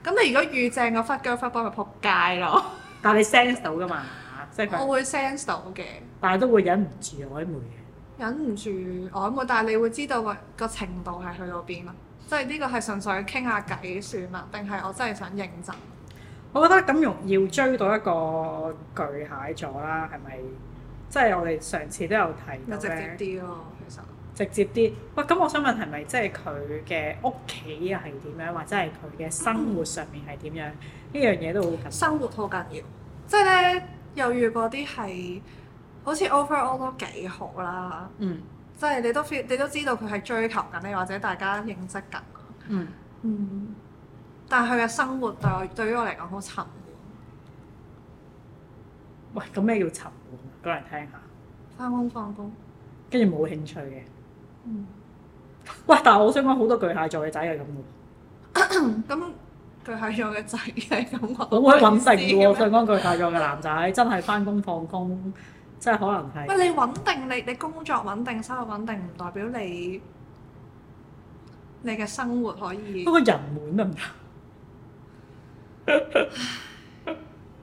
咁你如果遇正個忽腳忽波，咪仆街咯。但係你 sense 到㗎嘛？即係我會 sense 到嘅，但係都會忍唔住曖昧。忍唔住我冇、哦，但係你會知道個程度係去到邊啦。即係呢個係純粹傾下偈算啦，定係我真係想認真？我覺得咁容易追到一個巨蟹座啦，係咪？即係我哋上次都有提到直接啲咯，其實。直接啲。哇，咁我想問係咪即係佢嘅屋企係點樣，或者係佢嘅生活上面係點樣？呢、嗯、樣嘢都好緊要。生活好緊要。即係咧，有遇過啲係。好似 overall 都幾好啦，即係你都 feel 你都知道佢係追求緊你，或者大家認識緊。嗯，嗯，但係佢嘅生活對我對於我嚟講好沉悶。喂，咁咩叫沉悶？講嚟聽下。翻工放工，跟住冇興趣嘅。嗯。喂，但係我想講好多巨蟹座嘅仔係咁嘅。咁巨蟹座嘅仔係咁啊！好鬼穩定嘅喎，我想講巨蟹座嘅男仔真係翻工放工。即係可能係。喂！你穩定，你你工作穩定，收入穩定，唔代表你你嘅生活可以。不過人滿得唔得，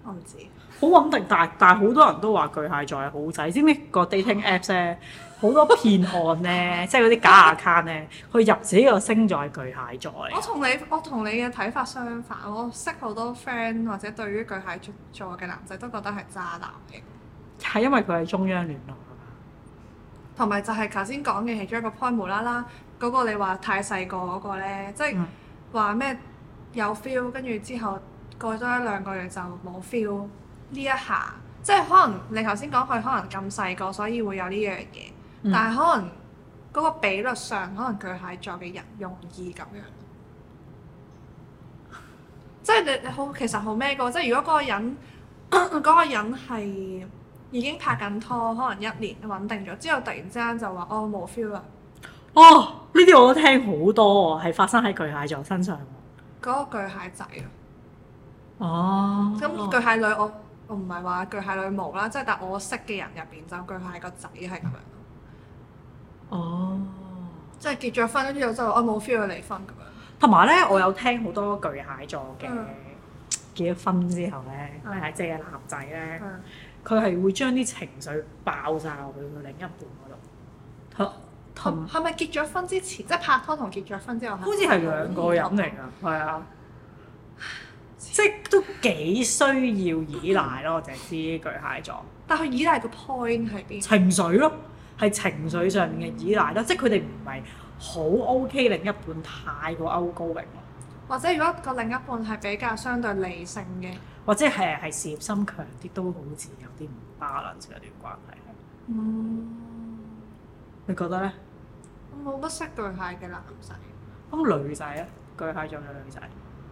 我唔知，好穩定，但係但係好多人都話巨蟹座係好仔。知唔知個 dating apps 咧好多騙案咧，即係嗰啲假 account 咧，去入自己個星座巨蟹座。我同你我同你嘅睇法相反，我識好多 friend 或者對於巨蟹座嘅男仔都覺得係渣男嘅。係因為佢係中央聯絡同埋就係頭先講嘅其中一個 point 無啦啦，嗰個你話太細個嗰個呢，即係話咩有 feel 跟住之後過咗一兩個月就冇 feel 呢一下，即係可能你頭先講佢可能咁細個，所以會有呢樣嘢，嗯、但係可能嗰個比率上，可能巨蟹座嘅人容易咁樣，即係你你好其實好咩嘅，即係如果嗰個人嗰、 嗰個人係。已經拍緊拖，可能一年穩定咗之後，突然之間就話：哦，冇 feel 啦！哦，呢啲我都聽好多啊，係發生喺巨蟹座身上。嗰個巨蟹仔啊、哦嗯！哦，咁巨蟹女我我唔係話巨蟹女冇啦，即係但我識嘅人入邊就巨蟹個仔係咁樣。哦，即係結咗婚之後就我冇 feel 要離婚咁樣。同埋咧，我有聽好多巨蟹座嘅、嗯、結咗婚之後咧，係即係男仔咧。嗯嗯嗯。佢係會將啲情緒爆炸去佢另一半嗰度。同同係咪結咗婚之前，即係拍拖同結咗婚之後？好似係兩個人嚟㗎，係啊、嗯，的即係都幾需要依賴咯。我淨係知巨蟹座。但佢依賴嘅 point 係邊？情緒咯，係情緒上面嘅依賴啦。嗯、即係佢哋唔係好 OK，另一半太過 outgoing 啦。或者如果個另一半係比較相對理性嘅，或者係係事業心強啲都好自由。啲 balance 嘅一段關係，嗯，你覺得咧？我冇乜識巨蟹嘅男仔，咁女仔咧？巨蟹座嘅女仔，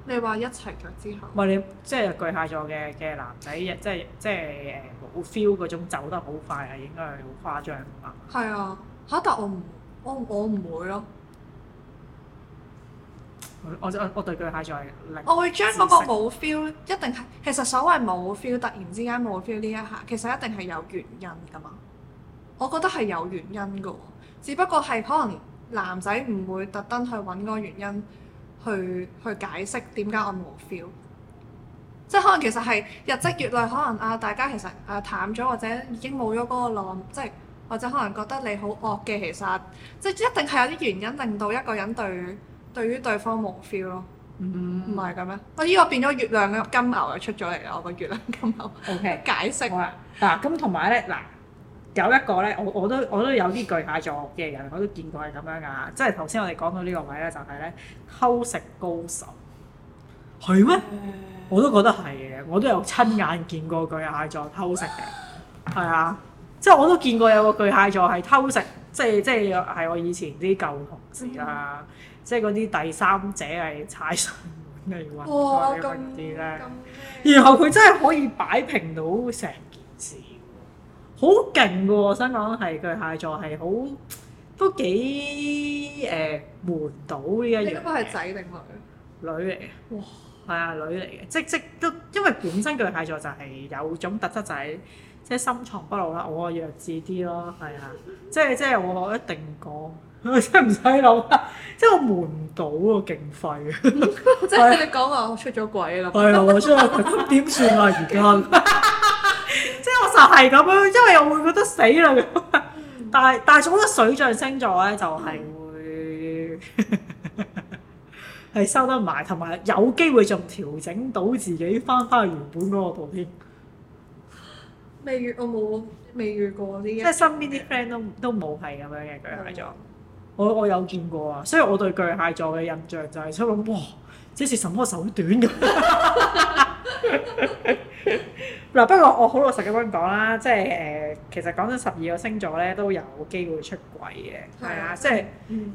你話一齊腳之後？唔係你即係、就是、巨蟹座嘅嘅男仔，即即誒冇 feel 嗰種走得好快係應該係好誇張㗎嘛？係啊，嚇！但我唔我我唔會咯。我我我對佢下再嚟。我會將嗰個冇 feel，一定係其實所謂冇 feel，突然之間冇 feel 呢一下，其實一定係有原因㗎嘛。我覺得係有原因㗎，只不過係可能男仔唔會特登去搵嗰個原因去去解釋點解我冇 feel。即係可能其實係日積月累，可能啊大家其實啊淡咗，或者已經冇咗嗰個浪，即係或者可能覺得你好惡嘅，其實即係一定係有啲原因令到一個人對。對於對方冇 feel 咯，唔係嘅咩？我呢個變咗月亮嘅金牛又出咗嚟啦！我個月亮金牛，O Okay . K，解釋嗱，咁同埋咧，嗱、啊、有，有一個咧，我我都我都有啲巨蟹座嘅人，我都見過係咁樣噶，即係頭先我哋講到呢個位咧，就係咧偷食高手係咩？嗎欸、我都覺得係嘅，我都有親眼見過巨蟹座偷食嘅，係啊， 即係我都見過有個巨蟹座係偷食，即係即係係我以前啲舊同事啦。 即係嗰啲第三者係踩上門嚟揾啲咧，些呢然後佢真係可以擺平到成件事，好勁喎！我想講係巨蟹座係好都幾誒瞞到呢一樣。你嗰個係仔定女？女嚟嘅。哇！係啊，女嚟嘅，即即都因為本身巨蟹座就係有種特質就係、是、即係深藏不露啦，我弱智啲咯，係啊， 即係即係我一定講。啊！真係唔使諗，即係我悶到啊，勁廢啊！即係你講話我出咗軌啦，係啊！我出咗軌，點算啊？而家即係我就係咁樣，因為又會覺得死啦！但係但係，總之水象星座咧就係會係收得埋，同埋有機會仲調整到自己翻返去原本嗰個度添。未遇我冇，未遇過啲嘅。即係身邊啲 friend 都都冇係咁樣嘅嗰種。我我有見過啊，所以我對巨蟹座嘅印象就係出嚟哇，這是什麼手段咁嗱。 不過我好老實嘅講啦，即係誒，其實講真十二個星座咧都有機會出軌嘅，係啊，即係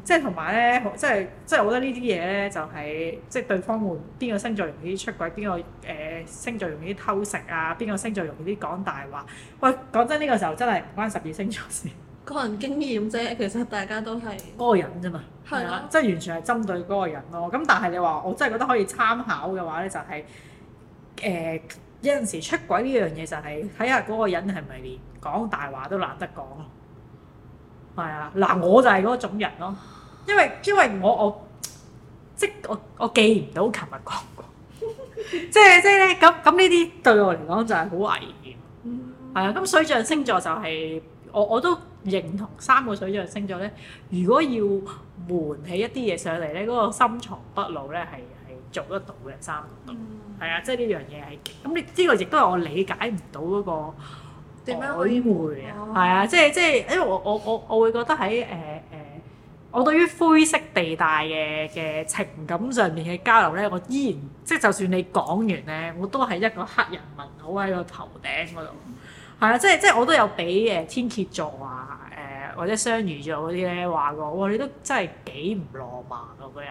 即係同埋咧，即係即係我覺得呢啲嘢咧就係、係、即係對方會邊個星座容易出軌，邊個誒、呃、星座容易偷食啊，邊個星座容易啲講大話。喂，講真呢、呢個時候真係唔關十二星座事。個人經驗啫，其實大家都係嗰、 那個人啫嘛，係啊的，即係完全係針對嗰個人咯。咁但係你話我真係覺得可以參考嘅話咧，就係、是、誒、呃、有陣時出軌呢樣嘢就係睇下嗰個人係咪連講大話都懶得講，係啊。嗱我就係嗰種人咯，因為因為我我即我我記唔到琴日講過， 即係即係咧咁咁呢啲對我嚟講就係好危險，係啊、嗯。咁、嗯嗯嗯嗯、水象星座就係、是、我我，我都。認同三個水象星座咧，如果要瞞起一啲嘢上嚟咧，嗰、那個深藏不露咧係係做得到嘅，三個都係、嗯、啊，即係呢樣嘢係咁，你呢個亦都係我理解唔到嗰個點樣會啊，係啊，即係即係因為我我我我會覺得喺誒誒，我對於灰色地帶嘅嘅情感上面嘅交流咧，我依然即係就算你講完咧，我都係一個黑人問號喺個頭頂嗰度。嗯係啊，即係即係我都有俾誒天蠍座啊，誒、呃、或者雙魚座嗰啲咧話過，哇你都真係幾唔浪漫啊個人，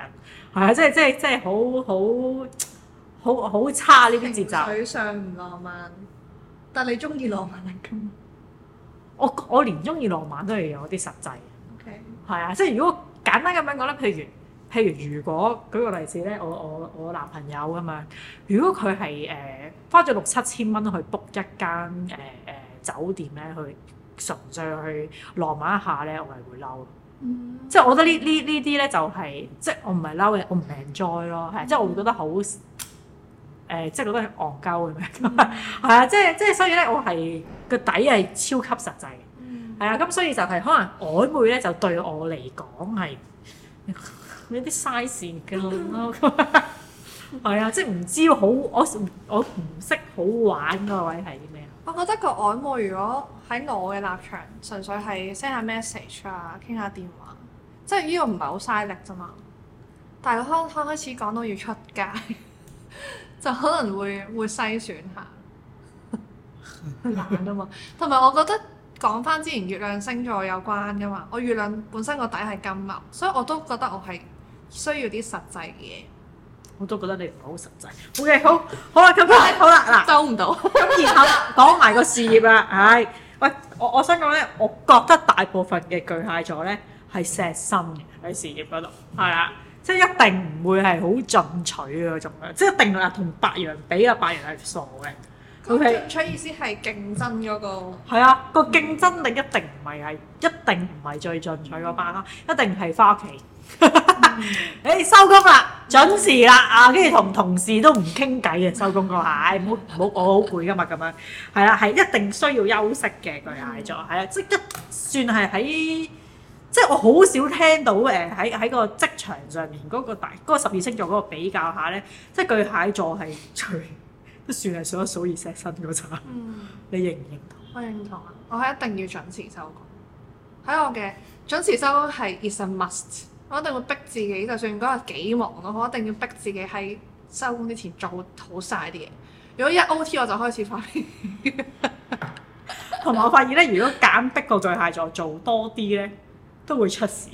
係啊，即係即係即係好好好好差呢啲節奏，嘴上唔浪漫，但你中意浪漫嚟、啊、㗎、嗯 ？我我連中意浪漫都係有啲實際。OK，係啊，即係如果簡單咁樣講咧，譬如譬如如果舉個例子咧，我我我，我男朋友咁啊，如果佢係誒花咗六七千蚊去 book 一間誒誒。呃呃呃呃酒店咧去純粹去浪漫一下咧，我係會嬲，嗯、即係我覺得呢呢呢啲咧就係、是、即係我唔係嬲嘅，我唔 enjoy 咯，嗯、即係我會覺得好誒、呃，即係覺得係戇鳩咁樣，係啊，即係即係，所以咧我係個底係超級實際嘅，係啊，咁所以就係可能曖昧咧就對我嚟講係呢啲嘥線嘅咯，係啊，即係唔知好我我唔識好玩嗰位係啲咩？嗯我覺得個曖昧如果喺我嘅立場，純粹係 send 下 message 啊，傾下電話，即係呢個唔係好嘥力啫嘛。但係啱啱開始講到要出街， 就可能會會篩選下 難啊嘛。同埋我覺得講翻之前月亮星座有關㗎嘛，我月亮本身個底係金牛，所以我都覺得我係需要啲實際嘅嘢。我都覺得你唔係好實際。OK，好，好啦咁啦，好啦嗱，走唔到咁，然後講埋個事業啊，唉，喂，我我想講咧，我覺得大部分嘅巨蟹座咧係錫身嘅喺事業嗰度，係啊，即係一定唔會係好進取嗰種啦，即係定係同白羊比啊，白羊係傻嘅。OK，進取意思係競爭嗰個。係啊，個競爭力一定唔係係，一定唔係最進取嗰班啦，一定係翻屋企。誒，收工啦，準時啦啊！跟住同同事都唔傾偈嘅，收工個蟹，唔好唔好，我好攰噶嘛，咁樣。係啦，係一定需要休息嘅巨蟹座，係啦，即係一算係喺，即係我好少聽到誒喺喺個職場上面嗰個大嗰個十二星座嗰個比較下咧，即係巨蟹座係最都算係數一數二錫身嗰層。嗯，你認唔認同？我認同啊，我係一定要準時收工。喺我嘅準時收工係 is a must。我一定會逼自己，就算嗰日幾忙咯，我一定要逼自己喺收工之前做好晒啲嘢。如果一 O T，我就開始發現，同 埋我發現咧，如果揀逼個狀態再做多啲咧，都會出事。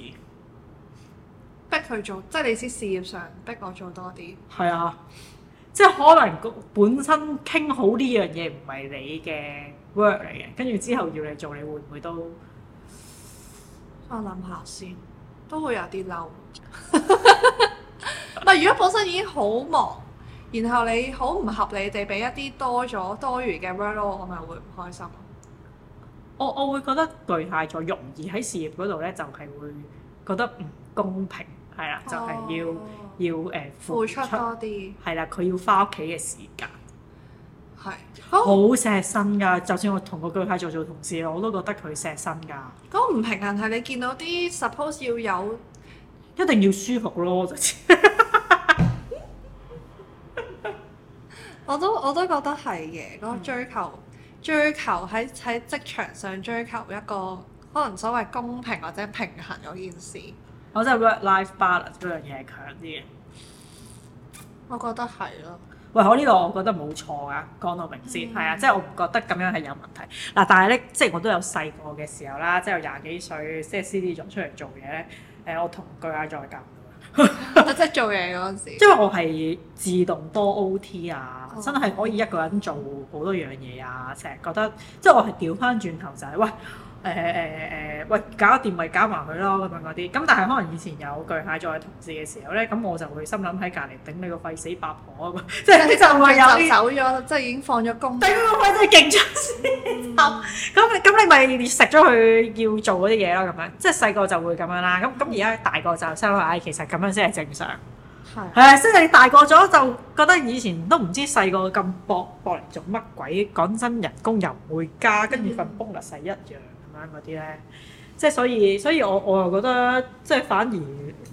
逼佢做，即係你先事業上逼我做多啲。係啊，即係可能本身傾好呢樣嘢唔係你嘅 work 嚟嘅，跟住之後要你做，你會唔會都？我諗下先。都會有啲嬲，但 係如果本身已經好忙，然後你好唔合理地俾一啲多咗多餘嘅 workload 我咪會唔開心。我我會覺得巨蟹座容易喺事業嗰度咧，就係會覺得唔公平，係啦，就係、是、要、哦、要誒、呃、付，付出多啲，係啦，佢要翻屋企嘅時間。係好錫身㗎，就算我同個巨蟹做做同事，我都覺得佢錫身㗎。嗰唔平衡係你見到啲 suppose 要有，一定要舒服咯。 我都我都覺得係嘅，嗰、嗰個追求追求喺喺職場上追求一個可能所謂公平或者平衡嗰件事，我覺得 work-life balance 嗰樣嘢係強啲嘅。我覺得係咯。喂，我呢度我覺得冇錯啊，講到明先，係、嗯、啊，即係我唔覺得咁樣係有問題。嗱、啊，但係咧，即係我都有細個嘅時候啦，即係廿幾歲，即係 C D 咗出嚟做嘢咧，誒、欸，我同巨蟹、啊、再夾， 即係做嘢嗰陣時，因為我係自動多 O T 啊，哦、真係可以一個人做好多樣嘢啊，成日覺得，即係我係調翻轉頭就係、是、喂。誒誒誒，喂，搞掂咪搞埋佢咯，咁樣嗰啲。咁但係可能以前有巨蟹座嘅同事嘅時候咧，咁我就會心諗喺隔離頂你個肺死八婆啊！即係你就唔係有走咗啦，即係已經放咗工。頂個肺都係勁咗先，咁咁你咪食咗佢要做嗰啲嘢咯，咁樣。即係細個就會咁樣啦。咁咁而家大個就先話，哎，其實咁樣先係正常。係。誒，即係你大個咗就覺得以前都唔知細個咁搏搏嚟做乜鬼。講真，人工又唔會加，跟住份 bonus 一樣。啲咧，即係所以，所以我我又覺得，即係反而，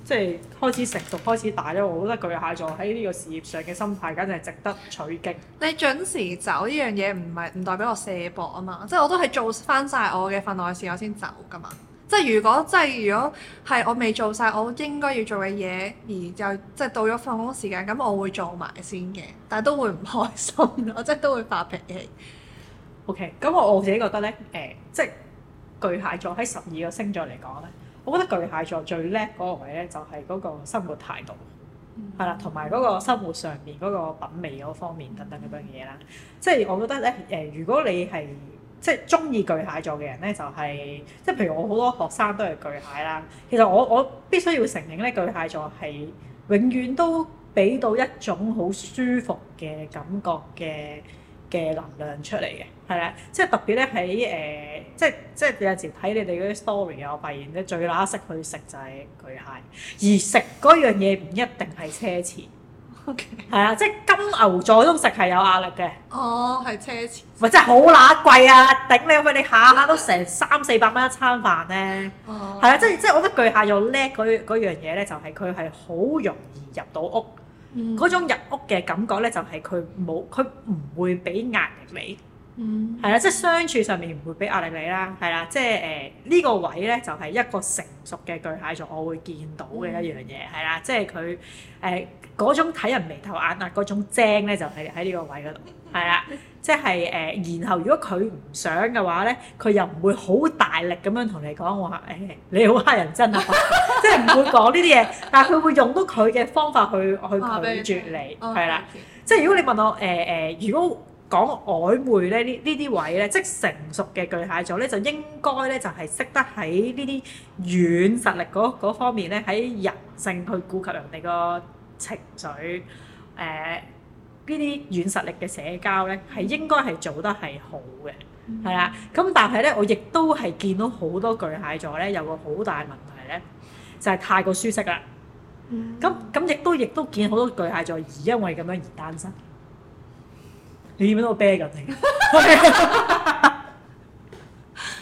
即係開始成熟，開始大咗。我覺得巨蟹座喺呢個事業上嘅心態，簡直係值得取經。你準時走呢樣嘢唔係唔代表我卸膊啊嘛，即係我都係做返晒我嘅份內事，我先走㗎嘛。即係如果即係如果係我未做晒我應該要做嘅嘢，而就即係到咗放工時間，咁我會做埋先嘅，但係都會唔開心，我即係都會發脾氣。OK，咁我我自己覺得咧，誒、欸，即係。巨蟹座喺十二個星座嚟講咧，我覺得巨蟹座最叻嗰個位咧，就係、是、嗰個生活態度，係啦、嗯，同埋嗰個生活上面嗰個品味嗰方面等等嗰樣嘢啦。即係我覺得咧，誒、呃，如果你係即係中意巨蟹座嘅人咧，就係、是、即係譬如我好多學生都係巨蟹啦。其實我我必須要承認咧，巨蟹座係永遠都俾到一種好舒服嘅感覺嘅嘅能量出嚟嘅。係啦，即係特別咧喺誒，即係即係有時睇你哋嗰啲 story，我發現咧最乸識去食就係巨蟹，而食嗰樣嘢唔一定係奢侈。OK，係啊，即係金牛座都食係有壓力嘅。哦，係奢侈。咪真係好乸貴啊！頂你咁樣，你下下都成三四百蚊一餐飯咧。哦。係啊，oh. 即係即係，我覺得巨蟹又叻嗰樣嘢咧，就係佢係好容易入到屋。嗯。嗰種入屋嘅感覺咧，就係佢冇佢唔會俾壓力你。嗯，係啦，即係相處上面唔會俾壓力你啦，係啦，即係誒呢個位咧就係、是、一個成熟嘅巨蟹座，我會見到嘅一樣嘢係啦，即係佢誒嗰種睇人眉頭眼額嗰種精咧，就喺喺呢個位嗰度，係啦，即係誒、呃。然後如果佢唔想嘅話咧，佢又唔會好大力咁樣同你講話誒、哎，你好乞人憎啊， 即係唔會講呢啲嘢，但係佢會用到佢嘅方法去去拒絕你，係啦、oh，即係如果你問我誒誒、呃呃，如果講曖昧咧，呢呢啲位咧，即成熟嘅巨蟹座咧，就應該咧就係、是、識得喺呢啲軟實力嗰方面咧，喺人性去顧及人哋個情緒，誒呢啲軟實力嘅社交咧，係應該係做得係好嘅，係啦、嗯。咁但係咧，我亦都係見到好多巨蟹座咧有個好大問題咧，就係、是、太過舒適啦。咁咁亦都亦都見好多巨蟹座而因為咁樣而單身。你點樣都啤緊你，即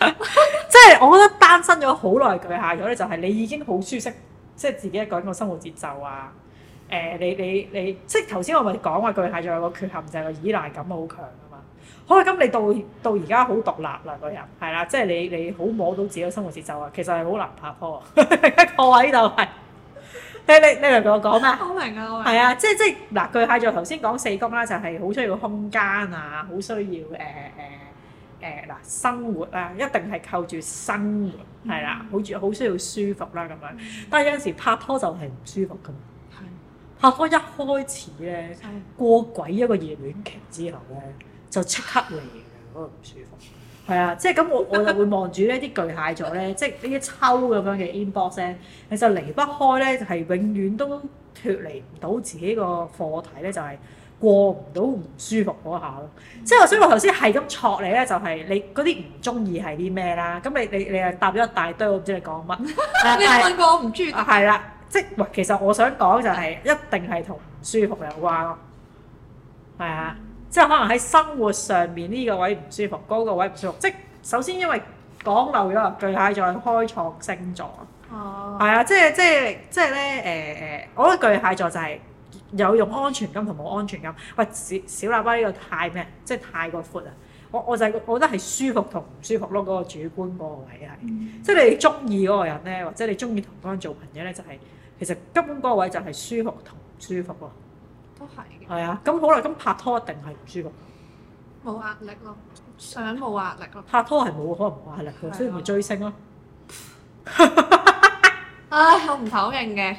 係 我覺得單身咗好耐巨蟹咗咧，就係你已經好舒適，即係自己一個人個生活節奏啊。誒、呃，你你你，即係頭先我咪講話巨蟹仲有個缺陷就係個依賴感好強啊嘛。好啦，咁你到到而家好獨立啦個人，係啦，即係你你好摸到自己個生活節奏啊。其實係好難拍拖啊，一個位度係。你你你嚟同我講咩？好明啊，我係。係啊，即即嗱，佢喺在頭先講四宮啦、啊，就係、是、好需要空間啊，好需要誒誒誒嗱生活啊，一定係靠住生活係啦，好似好需要舒服啦咁樣。但係有陣時拍拖就係唔舒服噶。的拍拖一開始咧的過鬼一個熱戀期之後咧，就即刻嚟嗰個唔舒服。係啊，即係咁我我就會望住呢啲巨蟹座咧，即係呢啲抽咁樣嘅 inbox，其實離不開咧，就係永遠都脫離唔到自己個課題咧，就係過唔到唔舒服嗰下咯。即係所以我頭先係咁戳你咧，就係你嗰啲唔中意係啲咩啦？咁你你你又答咗一大堆，我唔知你講乜。你問過我唔中意？係啦，即係哇，其實我想講就係一定係同唔舒服有關咯，係啊。即係可能喺生活上面呢、這個位唔舒服，嗰、那個位唔舒服。即係首先因為講漏咗，巨蟹座係開創星座，哦，係啊，即係即係即係咧誒誒，我覺得巨蟹座就係有用安全感同冇安全感。喂，小小喇叭呢個太咩？即係太過闊啊！我我就係、是、覺得係舒服同唔舒服咯。嗰、那個主觀嗰個位係，嗯、即係你中意嗰個人咧，或者你中意同嗰人做朋友咧，就係、是、其實根本嗰個位就係舒服同唔舒服喎。係啊，咁好啦，咁拍拖一定係唔舒服，冇壓力咯，想冇壓力咯。拍拖係冇可能冇壓力嘅，所以咪追星咯。唉，我唔否認嘅，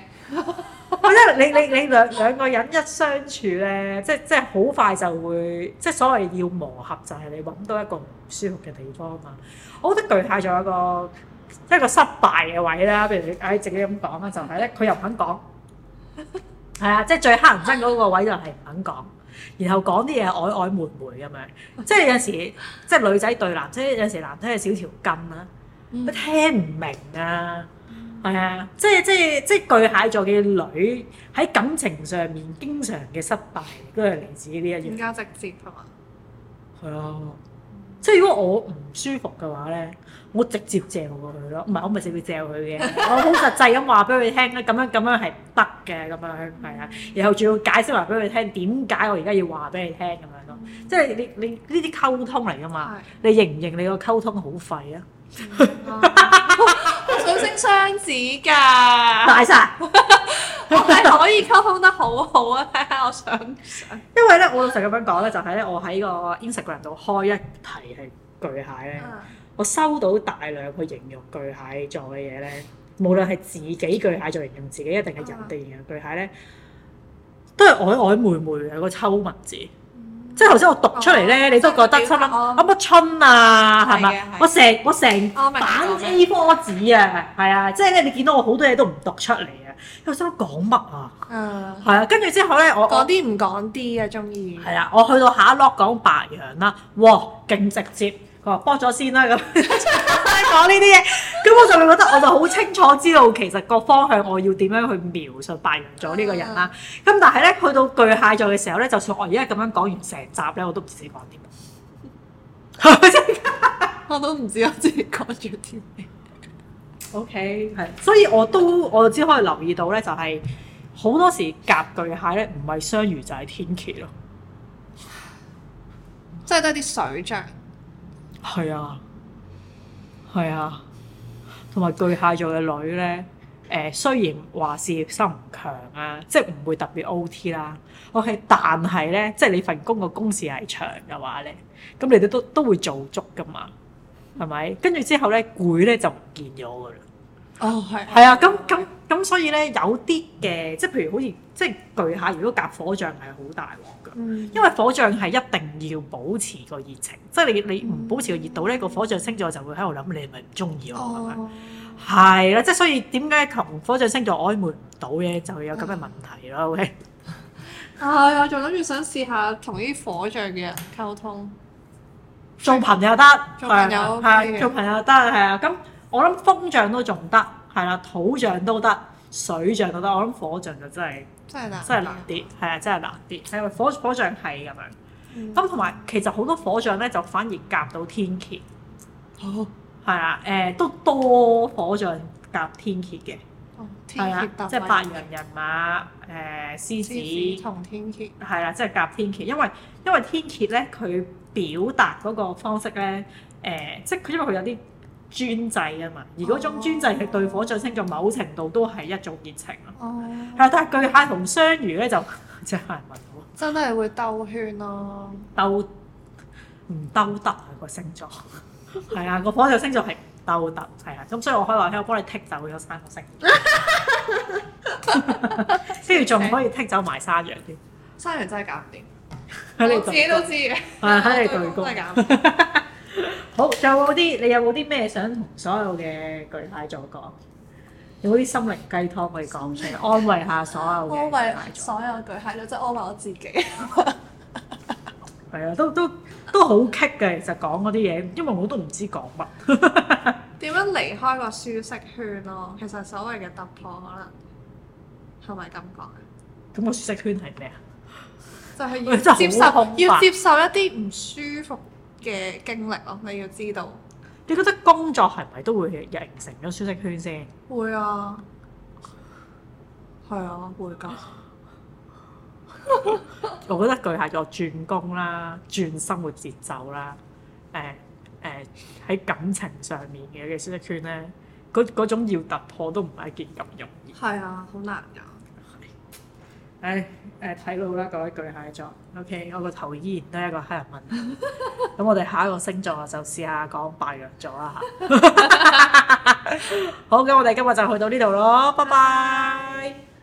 因為你你你兩兩個人一相處咧，即即係好快就會，即所謂要磨合，就係你揾到一個唔舒服嘅地方嘛。我覺得巨蟹仲有個即係個失敗嘅位啦，譬如你唉直接咁講啦，就係咧佢又唔肯講。係啊，即係最黑人憎嗰個位就係唔肯講， 然後講啲嘢曖曖昧昧咁樣，即係有時即係女仔對男仔，有時男仔係少條筋啦，佢聽唔明啊，係啊，即係即係即係巨蟹座嘅女喺感情上面經常嘅失敗都係嚟自呢一樣。更加直接係嘛？係啊。即係如果我唔舒服嘅話咧，我直接嚼過佢咯，唔係我咪直接嚼佢嘅， 我好實際咁話俾佢聽咧，咁樣咁樣係得嘅，咁樣係啊，然後仲要解釋埋俾佢聽點解我而家要話俾、嗯、你聽咁樣咯，即係你你呢啲溝通嚟噶嘛，的你認唔認你個溝通好廢、嗯、啊？ 我我水星雙子㗎， 大晒沙。 我係可以溝通得好好啊！我想，因為咧，我老實咁樣講咧，就係咧，我喺個 Instagram 度開一題係巨蟹咧，我收到大量嘅形容巨蟹做嘅嘢咧，無論係自己巨蟹做形容自己，一定係人哋形容巨蟹咧，都係曖曖昧昧有個抽文字，即係頭先我讀出嚟咧，你都覺得春，乜春啊，係咪？我成我成板波子啊，係啊，即係咧，你見到我好多嘢都唔讀出嚟。又想講乜啊？係、uh, 啊，跟住之後咧，我講啲唔講啲啊，中意。係啊，我去到下一落講白羊啦，哇，勁直接！佢話搏咗先啦咁，講呢啲嘢，咁我就會覺得我就好清楚知道其實個方向我要點樣去描述白羊座呢個人啦。咁、uh huh. 但係咧，去到巨蟹座嘅時候咧，就算我而家咁樣講完成集咧，我都唔知講啲乜， 我都唔知我自己講住啲咩。O K，係，okay, yes. 所以我都我只可以留意到咧，就係、是、好多時夾巨蟹咧，唔係雙魚就係、是、天蠍咯，即係得啲水象。係啊，係啊，同埋巨蟹座嘅女咧，誒、呃，雖然話事業心唔強啊，即係唔會特別 O T 啦。O K，但係咧，即係你份工個工時係長嘅話咧，咁你哋都都會做足噶嘛。係咪？跟住之後咧，攰咧就唔見咗噶啦。哦，係。係啊，咁咁咁，所以咧有啲嘅，即係譬如好似即係巨蟹，如果夾火象係好大鑊噶，mm hmm. 因為火象係一定要保持個熱情，即係你你唔保持個熱度咧，個、mm hmm. 火象星座就會喺度諗你係咪唔中意我咁樣。係啦、oh. 啊，即係所以點解同火象星座曖昧唔到咧，就有咁嘅問題咯。O K。係啊，仲諗住想試下同啲火象嘅人溝通。做朋友得，做朋係啊，吧做朋友得、OK，係啊。咁、嗯、我諗風象都仲得，係啦，土象都得，水象都得。我諗火象就真係真係難，真係難啲，係啊，真係難啲。因為火火象係咁樣，咁同埋其實好多火象咧就反而夾到天蠍。劫、哦，係啊，誒、呃、都多火象夾天蠍嘅。係啊，即係白羊人，人馬，誒、呃、獅子同天蠍，係啦，即係夾天蠍，因為因為天蠍咧，佢表達嗰個方式咧，誒、呃，即係佢因為佢有啲專制啊嘛，而嗰種專制係對火象星座某程度都係一種熱情哦。係，但係巨蟹同雙魚咧就 真係唔、啊、得，真係會兜圈咯，兜唔兜得個星座係啊，個 火象星座係。鬥得，係啊，咁所以我可以話聽，我幫你剔走咗三個星，跟住仲可以剔走埋山羊添。山羊真係搞唔掂，喺你 自己都知嘅。係喺你度，真係搞唔掂。搞 好，仲有冇啲？你有冇啲咩想同所有嘅巨蟹座講？ 有冇啲心靈雞湯可以講出嚟，安慰下所有安慰所有巨蟹？即係安慰我自己。係 啊，都都。都都好棘嘅，就講嗰啲嘢，因為我都唔知講乜。點 樣離開個舒適圈咯、啊？其實所謂嘅突破，可能係咪咁講啊？咁個舒適圈係咩啊？就係要接受，會會要接受一啲唔舒服嘅經歷咯、啊。你要知道，你覺得工作係咪都會形成咗舒適圈先？會啊，係啊，會噶。 我覺得巨蟹座轉工啦，轉生活節奏啦，誒誒喺感情上面嘅嘅舒適圈咧，嗰嗰種要突破都唔係一件咁容易。係啊，好難噶。係，唉，誒、呃，睇到啦，嗰啲巨蟹座。OK，我個頭依然都係一個黑人問。咁 我哋下一個星座就試下講白羊座啦吓。 好，咁我哋今日就去到呢度咯，拜拜。拜拜。